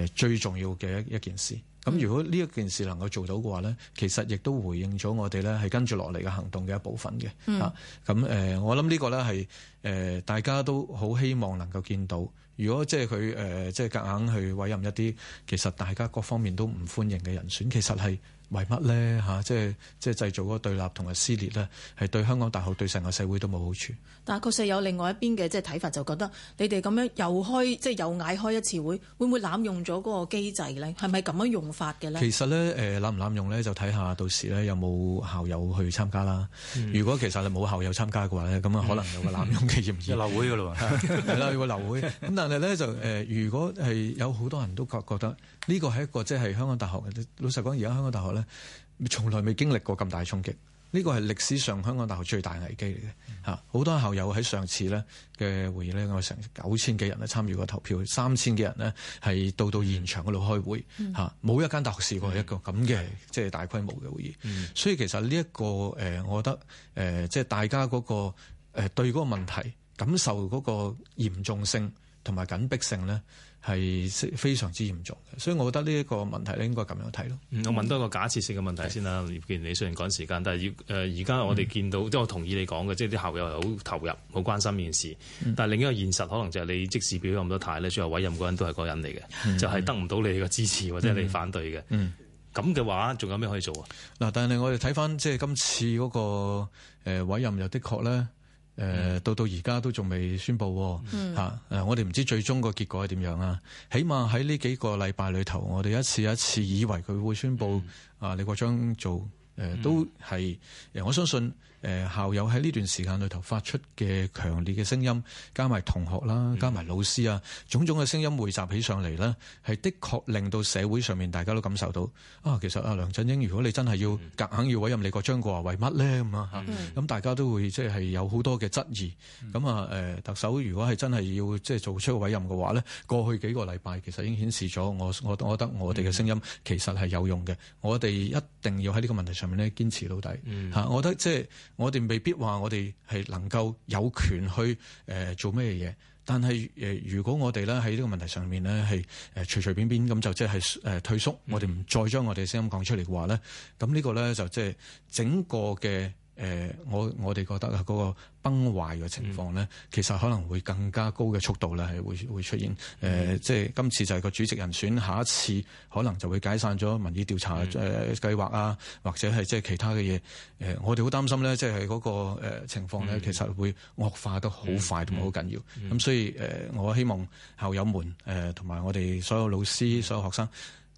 誒最重要嘅一一件事。咁如果呢一件事能夠做到嘅話咧，其實亦都回應咗我哋咧係跟住落嚟嘅行動嘅一部分嘅。啊、嗯，咁誒，我諗呢個咧係誒大家都好希望能夠見到。如果即係佢誒即係夾硬去委任一啲其實大家各方面都唔歡迎嘅人選，其實係。為乜咧嚇？即係即係製造嗰個對立同埋撕裂咧，係對香港大學對成個社會都冇好處。但係確實有另外一邊嘅即係睇法，就覺得你哋咁樣又開即係又嗌開一次會，會唔會濫用咗嗰個機制咧？係咪咁樣用法嘅咧？其實咧誒濫唔濫用咧，就睇下到時咧有冇校友去參加啦。嗯、如果其實你冇校友參加嘅話咧，咁啊可能有個濫用嘅嫌疑。嗯、 [LAUGHS] 有流會噶嘞喎，係 [LAUGHS] 啦， [LAUGHS] 有個流會。咁但係咧就誒、呃，如果係有好多人都覺覺得。呢個係一個即係香港大學嘅。老實講，而家香港大學呢，從來未經歷過咁大嘅衝擊。呢個係歷史上香港大學最大危機嚟嘅嚇。好、嗯、多校友喺上次呢嘅會議咧，有成九千幾人咧參與過投票，三千幾人呢，係到到現場嗰度開會嚇。冇、嗯、一間大學試過一個咁嘅即係大規模嘅會議。嗯、所以其實呢一個誒，我覺得誒，即係大家嗰個誒對嗰個問題感受嗰個嚴重性同埋緊迫性呢。係非常之嚴重嘅，所以我覺得呢一個問題咧應該咁樣睇咯。我問多一個假設性嘅問題先啦。對既建，你雖然趕時間，但係要誒而家我哋見到，即係、嗯、我同意你講嘅，即係啲校友係好投入、好關心呢件事。嗯、但係另一個現實可能就係你即使表咗咁多態咧，最後委任嗰人都係嗰人嚟嘅，嗯、就係得唔到你嘅支持或者你反對嘅。嗯，咁嘅話仲有咩可以做啊？嗱，但係我哋睇翻即係今次嗰個委任又的確咧。誒，嗯、到到而家都仲未宣佈喎，吓、嗯，誒、啊，我哋唔知最終個結果係點樣啦。起碼喺呢幾個禮拜裏頭，我哋一次一次以為佢會宣佈啊，李國章做誒都係誒，我相信。誒校友喺呢段時間裏頭發出嘅強烈嘅聲音，加埋同學啦，加埋老師啊，種種嘅聲音匯集起上嚟呢，係的確令到社會上面大家都感受到啊。其實啊，梁振英，如果你真係要夾硬要委任你李國章過嚟，為乜呢？咁啊、嗯？咁、嗯、大家都會即係、就是、有好多嘅質疑。咁啊、呃、特首如果係真係要即係做出委任嘅話呢，過去幾個禮拜其實已經顯示咗我我我覺得我哋嘅聲音其實係有用嘅。嗯、我哋一定要喺呢個問題上面呢堅持到底、嗯啊、我覺得即係。就是我哋未必話，我哋係能夠有權去誒、呃、做咩嘢，但係誒、呃，如果我哋咧喺呢個問題上面咧係誒隨隨便便咁就即係誒退縮，嗯、我哋唔再將我哋聲音講出嚟嘅話咧，咁呢個咧就即係整個嘅。呃、我我哋覺得啊，嗰個崩壞嘅情況咧，其實可能會更加高嘅速度咧，係會會出現。呃、即係今次就係個主席人選，下一次可能就會解散咗民意調查誒計劃啊，或者係即係其他嘅嘢。誒、呃，我哋好擔心咧，即係嗰、那個、呃、情況咧，其實會惡化得好快同埋好緊要。咁、嗯、所以、呃、我希望校友們同埋、呃、我哋所有老師、所有學生，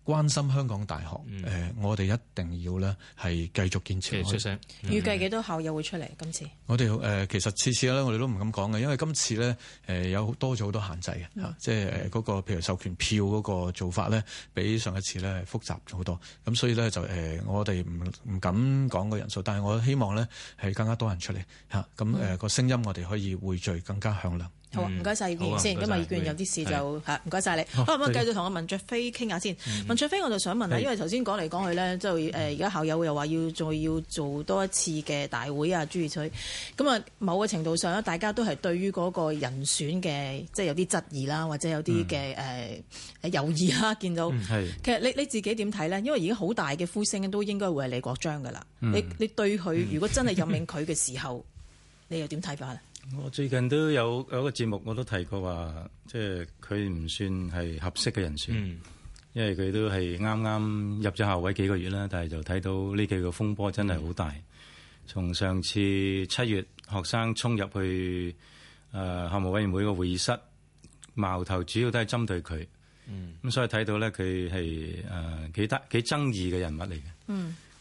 關心香港大學，誒、嗯呃，我哋一定要咧係繼續建設。出聲預計幾多校友會出嚟今次？嗯、我哋誒、呃、其實次次咧，我哋都唔敢講嘅，因為今次咧有、呃、多咗好多限制嘅，即係嗰個譬如授權票嗰個做法咧，比上一次咧複雜咗好多。咁所以咧就誒、呃、我哋唔唔敢講個人數，但係我希望咧係更加多人出嚟吓，咁誒個聲音我哋可以匯聚更加響亮。好啊，唔該曬葉建源先，咁啊葉建源有啲事就嚇，唔該晒你。好啊，咁啊繼續同阿文灼非傾下先。文灼非，我就想問下，因為頭先講嚟講去咧，就誒而家校友又話要再要做多一次嘅大會啊，朱義吹。咁啊，某個程度上咧，大家都係對於嗰個人選嘅，即係有啲質疑啦，或者有啲嘅誒猶疑啦。見到，其實你你自己點睇咧？因為而家好大嘅呼聲都應該會係李國章噶啦。你你對佢，如果真係任命佢嘅時候，你又點睇法？我最近都有有個節目，我都提過話，即係佢唔算係合適嘅人選，嗯、因為佢都係啱啱入咗校委幾個月啦，但係就睇到呢幾個風波真係好大。嗯、從上次七月學生衝入去誒校務委員會嘅會議室，矛頭主要都係針對佢，咁、嗯、所以睇到咧佢係誒幾得幾爭議嘅人物嚟嘅。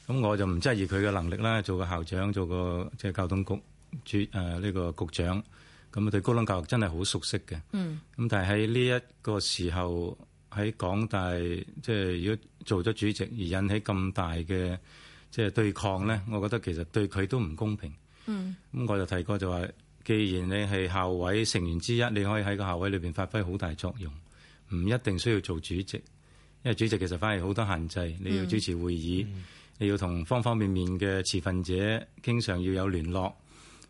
咁、嗯、我就唔質疑佢嘅能力啦，做個校長做個即係教統局。主誒呢、呃這個局長咁啊，對高等教育真係好熟悉嘅。嗯。咁但係喺呢一個時候喺港大，即係如果做咗主席而引起咁大嘅即、即係、對抗咧，我覺得其實對佢都唔公平。嗯。咁我就提過就話，既然你係校委成員之一，你可以喺個校委裏面發揮好大作用，唔一定需要做主席，因為主席其實反而好多限制，你要主持會議，嗯、你要同方方面面嘅持份者經常要有聯絡。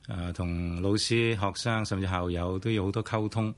誒，同老師、學生甚至校友都有好多溝通。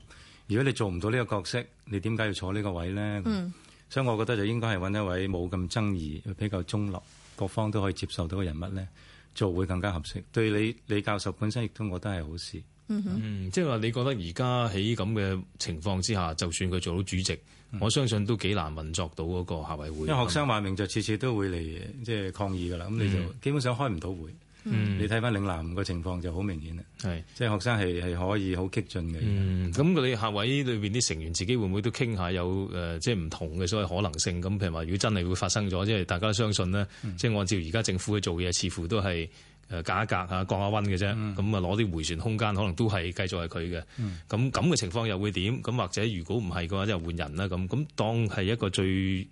如果你做唔到呢個角色，你點解要坐呢個位呢？嗯、所以，我覺得就應該係搵一位冇咁爭議、比較中立，各方都可以接受到嘅人物呢，做會更加合適。對李李教授本身亦都，我覺得係好事。嗯即係話你覺得而家喺咁嘅情況之下，就算佢做到主席，嗯、我相信都幾難運作到嗰個校委會。因為學生話明就次次都會嚟，即、就、係、是、抗議㗎啦。咁、嗯、你就基本上開唔到會。嗯、你睇翻嶺南個情況就好明顯啦，是即係學生係係可以好激進嘅。咁佢哋校委裏面啲成員自己會唔會都傾下有、呃、即係唔同嘅所謂可能性？咁譬如話，如果真係會發生咗，即係大家都相信呢，嗯、即係按照而家政府嘅做嘢，似乎都係誒加一格啊降下溫嘅啫。咁啊攞啲回旋空間，可能都係繼續係佢嘅。咁咁嘅情況又會點？咁或者如果唔係嘅話，即係換人啦咁。咁當係一個最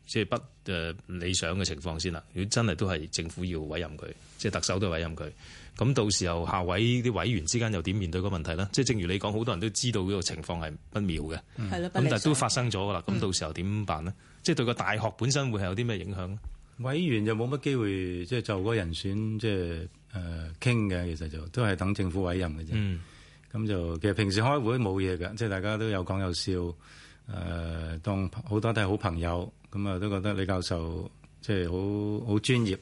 即係不誒理想嘅情況先啦。如果真係都係政府要委任佢。即係特首都委任佢，咁到時候下位啲委員之間又點面對個問題呢？即係正如你講，好多人都知道呢個情況係不妙嘅，咁、嗯嗯、但都發生咗噶啦。咁、嗯、到時候點辦呢？即係對個大學本身會係有啲咩影響？委員就冇乜機會即係就個、是、人選即係傾嘅，其實就都係等政府委任嘅啫。咁、嗯、就其實平時開會冇嘢嘅，即係大家都有講有笑，誒、呃、當好多都係好朋友，咁啊都覺得李教授即係好好專業。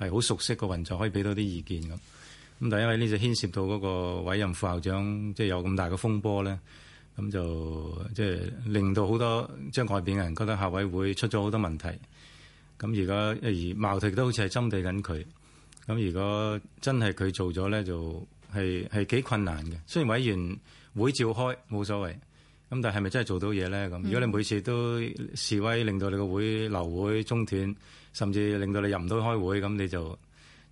係好熟悉個運作，可以俾多啲意見咁。咁但因為呢就牽涉到嗰個委任副校長，即、就、係、是、有咁大嘅風波咧，咁就即係、就是、令到好多即係、就是、外邊人覺得校委會出咗好多問題。咁而家而矛頭亦都好似係針對緊佢。咁如果真係佢做咗咧，就係係幾困難嘅。雖然委員會召開冇所謂，咁但係咪真係做到嘢咧？咁、嗯、如果你每次都示威，令到你個會流會中斷。甚至令到你入唔到開會，咁你就。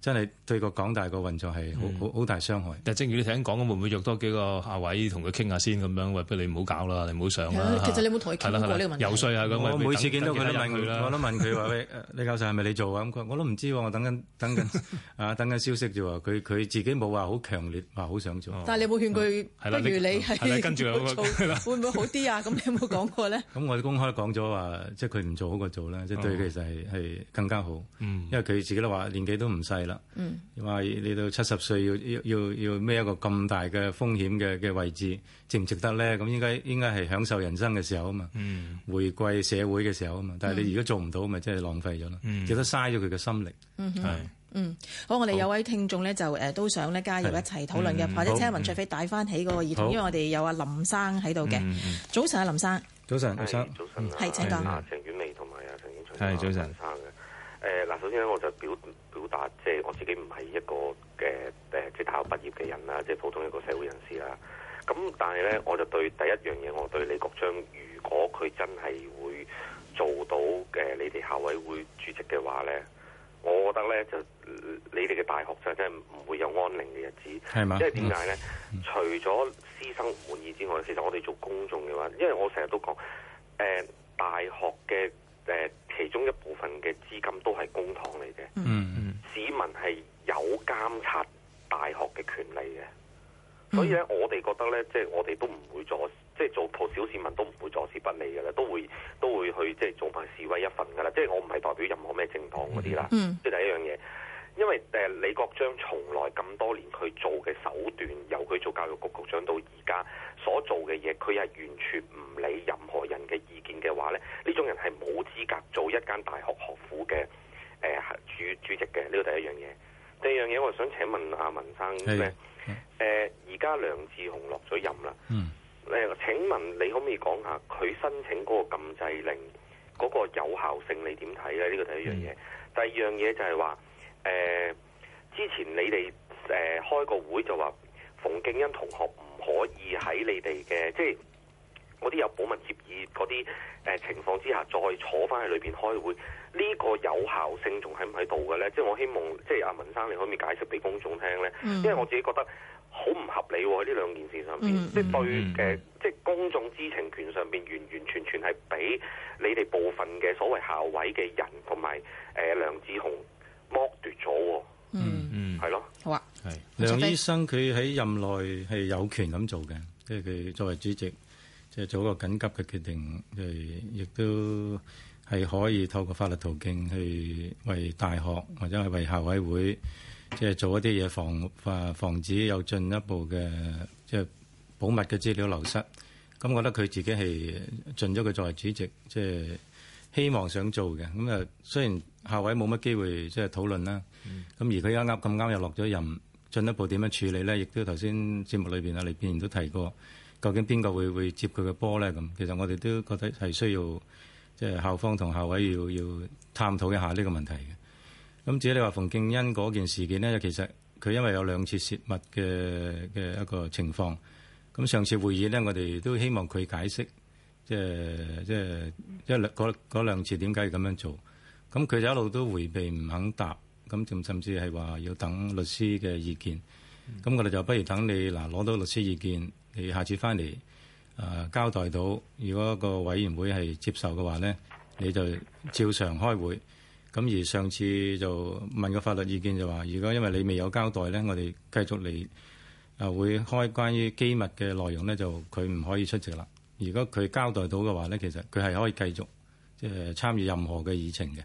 真係對個港大個運作係好好大傷害。但正如你頭先講會唔會約多幾個阿偉同佢傾下先咁樣？喂，不如你唔好搞啦，你唔好上。其實你有冇同佢傾過呢個問題？遊說啊，咁我每次見到佢都問佢啦，我都問佢話喂，李教授係咪你做啊？咁佢我都唔知喎。我等緊等緊啊，等緊消息啫喎。佢佢自己冇話好強烈話好想做。但係你冇勸佢？不如你跟住好會唔會好啲啊？咁你有冇講過咧？咁我哋公開講咗話，即係佢唔做好過做咧，即係對佢其實係係更加好。因為佢自己都話年紀都唔細。啦，嗯，話你到七十歲要要要要孭一個咁大嘅風險嘅，嘅位置，值唔值得咧？咁應該應該係享受人生嘅時候啊嘛，回饋社會嘅時候啊嘛。但係你如果做唔到，咪即係浪費咗咯，最得嘥咗佢嘅心力。嗯，嗯，好，我哋有位聽眾咧，就誒都想咧加入一齊討論嘅，或者請文灼非帶翻起嗰個議題，因為我哋有阿林生喺度嘅。早晨阿林生。早晨，林生。早晨，係請講。鄭婉薇同埋阿陳景祥。係早、啊、早晨，林生嘅誒嗱，首先我就表。但即係我自己唔係一個嘅誒，即係大學畢業嘅人啦，即係普通的一個社會人士啦。咁但係咧，我就對第一樣嘢，我對李國章，如果佢真係會做到嘅，你哋校委會主席嘅話咧，我覺得咧就你哋嘅大學就真係唔會有安寧嘅日子。係嘛嗎？即係點解咧？ [LAUGHS] 除咗師生唔滿意之外，其實我哋做公眾嘅話，因為我成日都講誒、呃、大學嘅誒、呃、其中一部分嘅資金都係公帑嚟嘅。嗯嗯。市民係有監察大學嘅權利嘅，所以咧我哋覺得咧，即係我哋都唔會坐，即係做破小市民都唔會坐視不理噶啦，都會都會去即係做埋示威一份噶啦。即係我唔係代表任何咩政黨嗰啲啦。即係、mm hmm. 第一樣嘢，因為誒，李國章從來咁多年佢做嘅手段，由佢做教育局局長到而家所做嘅嘢，佢係完全唔理任何人嘅意見嘅話咧，呢種人係冇資格做一間大學學府嘅。誒主主席嘅呢、這個第一樣嘢。第二樣嘢，我想請問阿文生咩？誒而家梁智鴻落咗任啦。嗯。誒請問你可唔可以講下佢申請嗰個禁制令嗰、那個有效性你點睇咧？呢、這個第一樣嘢。嗯、第二樣嘢就係話誒，之前你哋誒、呃、開個會就話，馮敬恩同學唔可以喺你哋嘅即係。嗰啲有保密協議嗰啲誒情況之下，再坐翻喺裏邊開會，呢個有效性仲喺唔喺度嘅咧？即係我希望，即係阿文生，你可唔可以解釋俾公眾聽咧。嗯、因為我自己覺得好唔合理喎，啊，呢兩件事上邊，即係、嗯嗯、對，誒，即係公眾知情權上邊完完全全係俾你哋部分嘅所謂校委嘅人同埋誒梁智鴻剝奪咗。嗯嗯，係咯的，好啊。係是、嗯、梁醫生，佢喺任內係有權咁做嘅，即係佢作為主席。即係做一個緊急嘅決定，亦、就是、都係可以透過法律途徑去為大學或者係為校委會，即係做一啲嘢防啊防止有進一步嘅即係保密嘅資料流失。咁我覺得佢自己係盡咗佢作為主席，即、就、係、是、希望想做嘅。咁啊，雖然校委冇乜機會即係討論啦。咁、嗯、而佢啱啱咁啱又落咗任，進一步點樣處理咧？亦都頭先節目裏邊啊，葉建源都提過。究竟邊個會會接佢嘅波咧？咁其實我哋都覺得係需要即係、就是、校方同校委要要探討一下呢個問題嘅。咁至於你話馮敬恩嗰件事件咧，其實佢因為有兩次泄密嘅嘅一個情況，咁上次會議咧，我哋都希望佢解釋，即係即係一兩嗰兩次點解要咁樣做。咁佢就一路都迴避唔肯答，咁甚至係話要等律師嘅意見。咁我哋就不如等你嗱攞到律師意見，你下次翻嚟、呃，交代到，如果個委員會係接受嘅話呢，你就照常開會。咁而上次就問個法律意見就話，如果因為你未有交代呢，我哋繼續嚟啊會，會開關於機密嘅內容呢，就佢唔可以出席啦。如果佢交代到嘅話呢，其實佢係可以繼續即、即係、參與任何嘅議程嘅。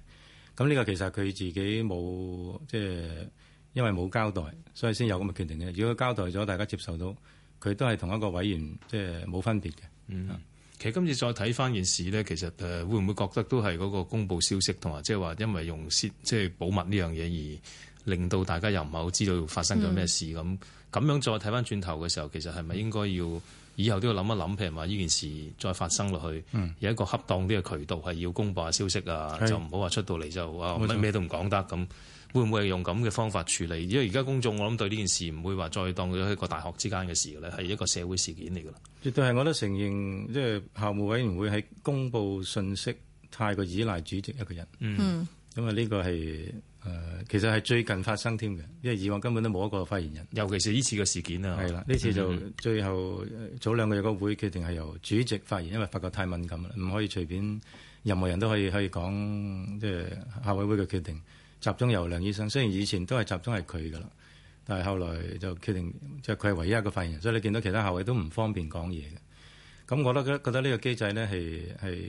咁呢個其實佢自己冇即係因為冇交代，所以先有咁嘅決定嘅。如果交代咗，大家接受到。佢都係同一個委員，即係冇分別嘅、嗯。其實今次再睇翻件事咧，其實誒會唔會覺得都係嗰個公佈消息同埋即係話因為用泄即係保密呢樣嘢而令到大家又唔係好知道發生咗咩事咁？咁、嗯、樣再睇翻轉頭嘅時候，其實係咪應該要以後都要諗一諗，譬如話呢件事再發生落去，嗯、有一個恰當啲嘅渠道係要公佈下消息啊，是就唔好話出到嚟就啊咩錯都唔講得咁。會唔會係用咁嘅方法處理？因為而家公眾，我諗對呢件事唔會話再當佢一個大學之間嘅事嘅咧，係一個社會事件嚟㗎啦。絕對係，我都承認，即係校務委員會喺公佈信息太過依賴主席一個人。嗯，咁啊，呢個係誒，其實係最近發生添嘅，因為以往根本都冇一個發言人，尤其是呢次嘅事件啊。係啦，呢次就最後早兩個月個會決定係由主席發言，因為發覺太敏感啦，唔可以隨便任何人都可以可以講即係校委會嘅決定。集中由梁醫生，雖然以前都係集中係佢噶啦，但係後來就決定即係佢係唯一一個發言人，所以你見到其他校委都唔方便講嘢嘅。咁我都覺得覺得呢個機制呢係係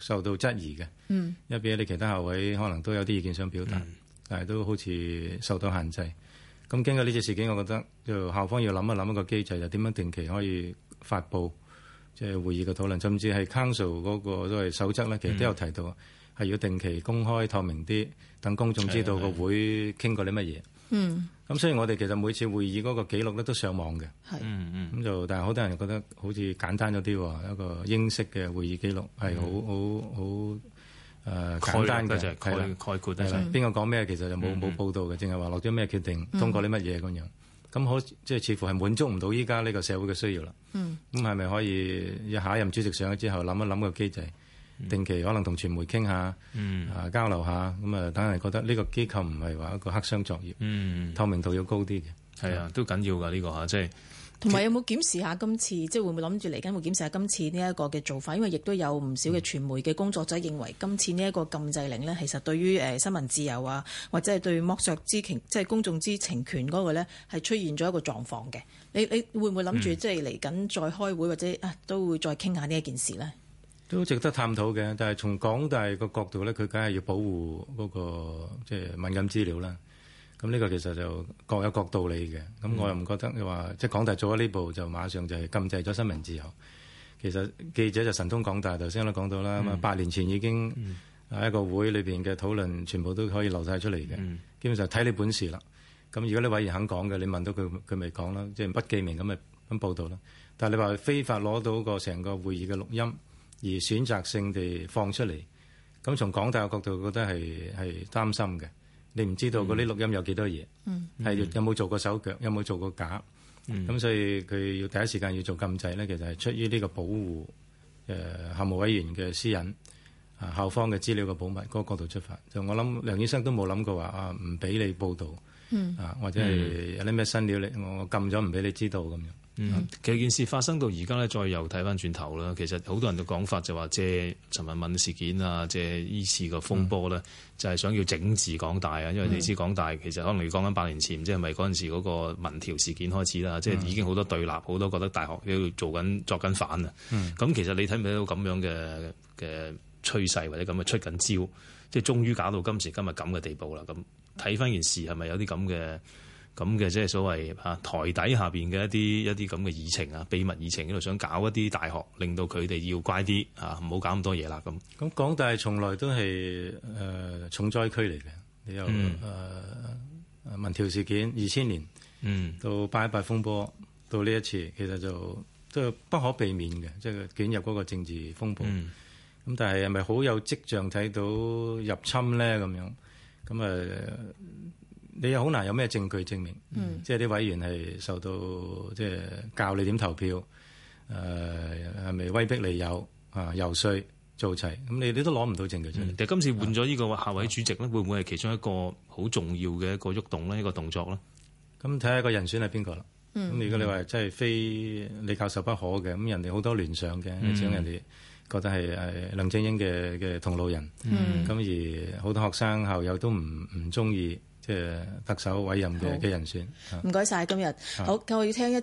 受到質疑嘅。嗯，因為變咗你其他校委可能都有啲意見想表達，嗯、但係都好似受到限制。咁經過呢隻事件，我覺得就校方要諗一諗一個機制，就點、是、樣定期可以發布即係會議嘅討論，甚至係 Council 嗰個所謂守則呢，其實都有提到。嗯係要定期公開透明啲，等公眾知道個會傾過啲乜嘢。嗯。咁所以，雖然我哋其實每次會議嗰個記錄咧都上網嘅。嗯嗯的。咁就，但係好多人覺得好似簡單咗啲喎，一個英式嘅會議記錄係好好好誒簡單嘅，係對概括得滯、就是。邊個講咩？其實就冇冇報道嘅，淨係話落咗咩決定，通過啲乜嘢咁樣。咁、嗯、好，即係似乎係滿足唔到依家呢個社會嘅需要啦。嗯。咁係咪可以，下一任主席上咗之後，諗一諗個機制？定期可能同傳媒傾下，嗯、啊交流下，咁啊等覺得呢個機構唔係話一個黑箱作業，嗯、透明度要高啲嘅。係啊的，都緊要㗎呢個即係。同、就、埋、是、有冇檢視下今次，其即係會唔會諗住嚟緊會檢視下今次呢一個嘅做法？因為亦都有唔少嘅傳媒嘅工作者認為，今次呢一個禁制令呢，其實對於新聞自由啊，或者係對剝削知情，即係公眾知情權嗰個呢，係出現咗一個狀況嘅。你你會唔會諗住即係嚟緊再開會、嗯、或者啊都會再傾下呢一件事呢？都值得探討嘅，但係從港大個角度咧，佢梗係要保護嗰、那個即係、就是、敏感資料啦。咁呢個其實就各有各道理嘅。咁我又唔覺得你話即係港大做咗呢步就馬上就係禁制咗新聞自由。其實記者就神通廣大，頭先都講到啦，咁啊、嗯、八年前已經喺一個會裏邊嘅討論，全部都可以留晒出嚟嘅。嗯、基本上睇你本事啦。咁如果你委員肯講嘅，你問到佢，佢咪講啦，即、就、係、是、不記名咁咪咁報道啦。但係你話非法攞到個成個會議嘅錄音，而選擇性地放出嚟，咁從港大嘅角度覺得係係擔心嘅。你唔知道嗰啲錄音有幾多嘢，係、嗯嗯、有冇做過手腳，有冇做過假。咁、嗯、所以佢要第一時間要做禁制咧，其實係出於呢個保護誒、呃、校務委員嘅私隱啊、呃、校方嘅資料嘅保密嗰、那個角度出發。就我諗梁醫生都冇諗過話啊唔俾你報導、嗯、啊，或者係有啲咩新料你我禁咗唔俾你知道咁樣。嗯，其實件事發生到而家咧，再又睇翻轉頭啦。其實好多人嘅講法就話即係陳文敏事件啊，即係依次個風波咧，就係想要整治港大啊。因為你知港大其實可能你講緊八年前，即係咪嗰陣時嗰個民調事件開始啦？即係已經好多對立，好多覺得大學要做緊作緊反啊。咁、嗯、其實你睇唔睇到咁樣嘅嘅趨勢，或者咁嘅出緊招，即係終於搞到今時今日咁嘅地步啦。咁睇翻件事係咪有啲咁嘅？咁嘅即係所謂、啊、台底下面嘅一啲一啲咁嘅議程啊，秘密議程嗰度想搞一啲大學，令到佢哋要乖啲，唔好搞咁多嘢啦咁。咁港大從來都係、呃、重災區嚟嘅，你又誒民調事件二千年，嗯，到八一八風波，到呢一次，其實就都不可避免嘅，即係捲入嗰個政治風波。咁、嗯、但係係咪好有跡象睇到入侵咧？咁樣咁你又好難有咩證據證明，嗯、即係啲委員係受到即係、就是、教你點投票，誒係咪威逼利誘，啊、呃、遊説做齊咁，你你都攞唔到證據出嚟。但、嗯、今次換咗呢個校委主席咧，嗯、會唔會係其中一個好重要嘅一個喐動咧？一個動作咧？咁睇下個人選係邊個啦。咁如果你話真係非李教授不可嘅，咁人哋好多聯想嘅，請、嗯、人哋覺得係誒梁振英嘅嘅同路人。咁、嗯嗯、而好多學生校友都唔唔中意。誒特首委任嘅嘅人選，唔該晒今日好，咁我要聽一。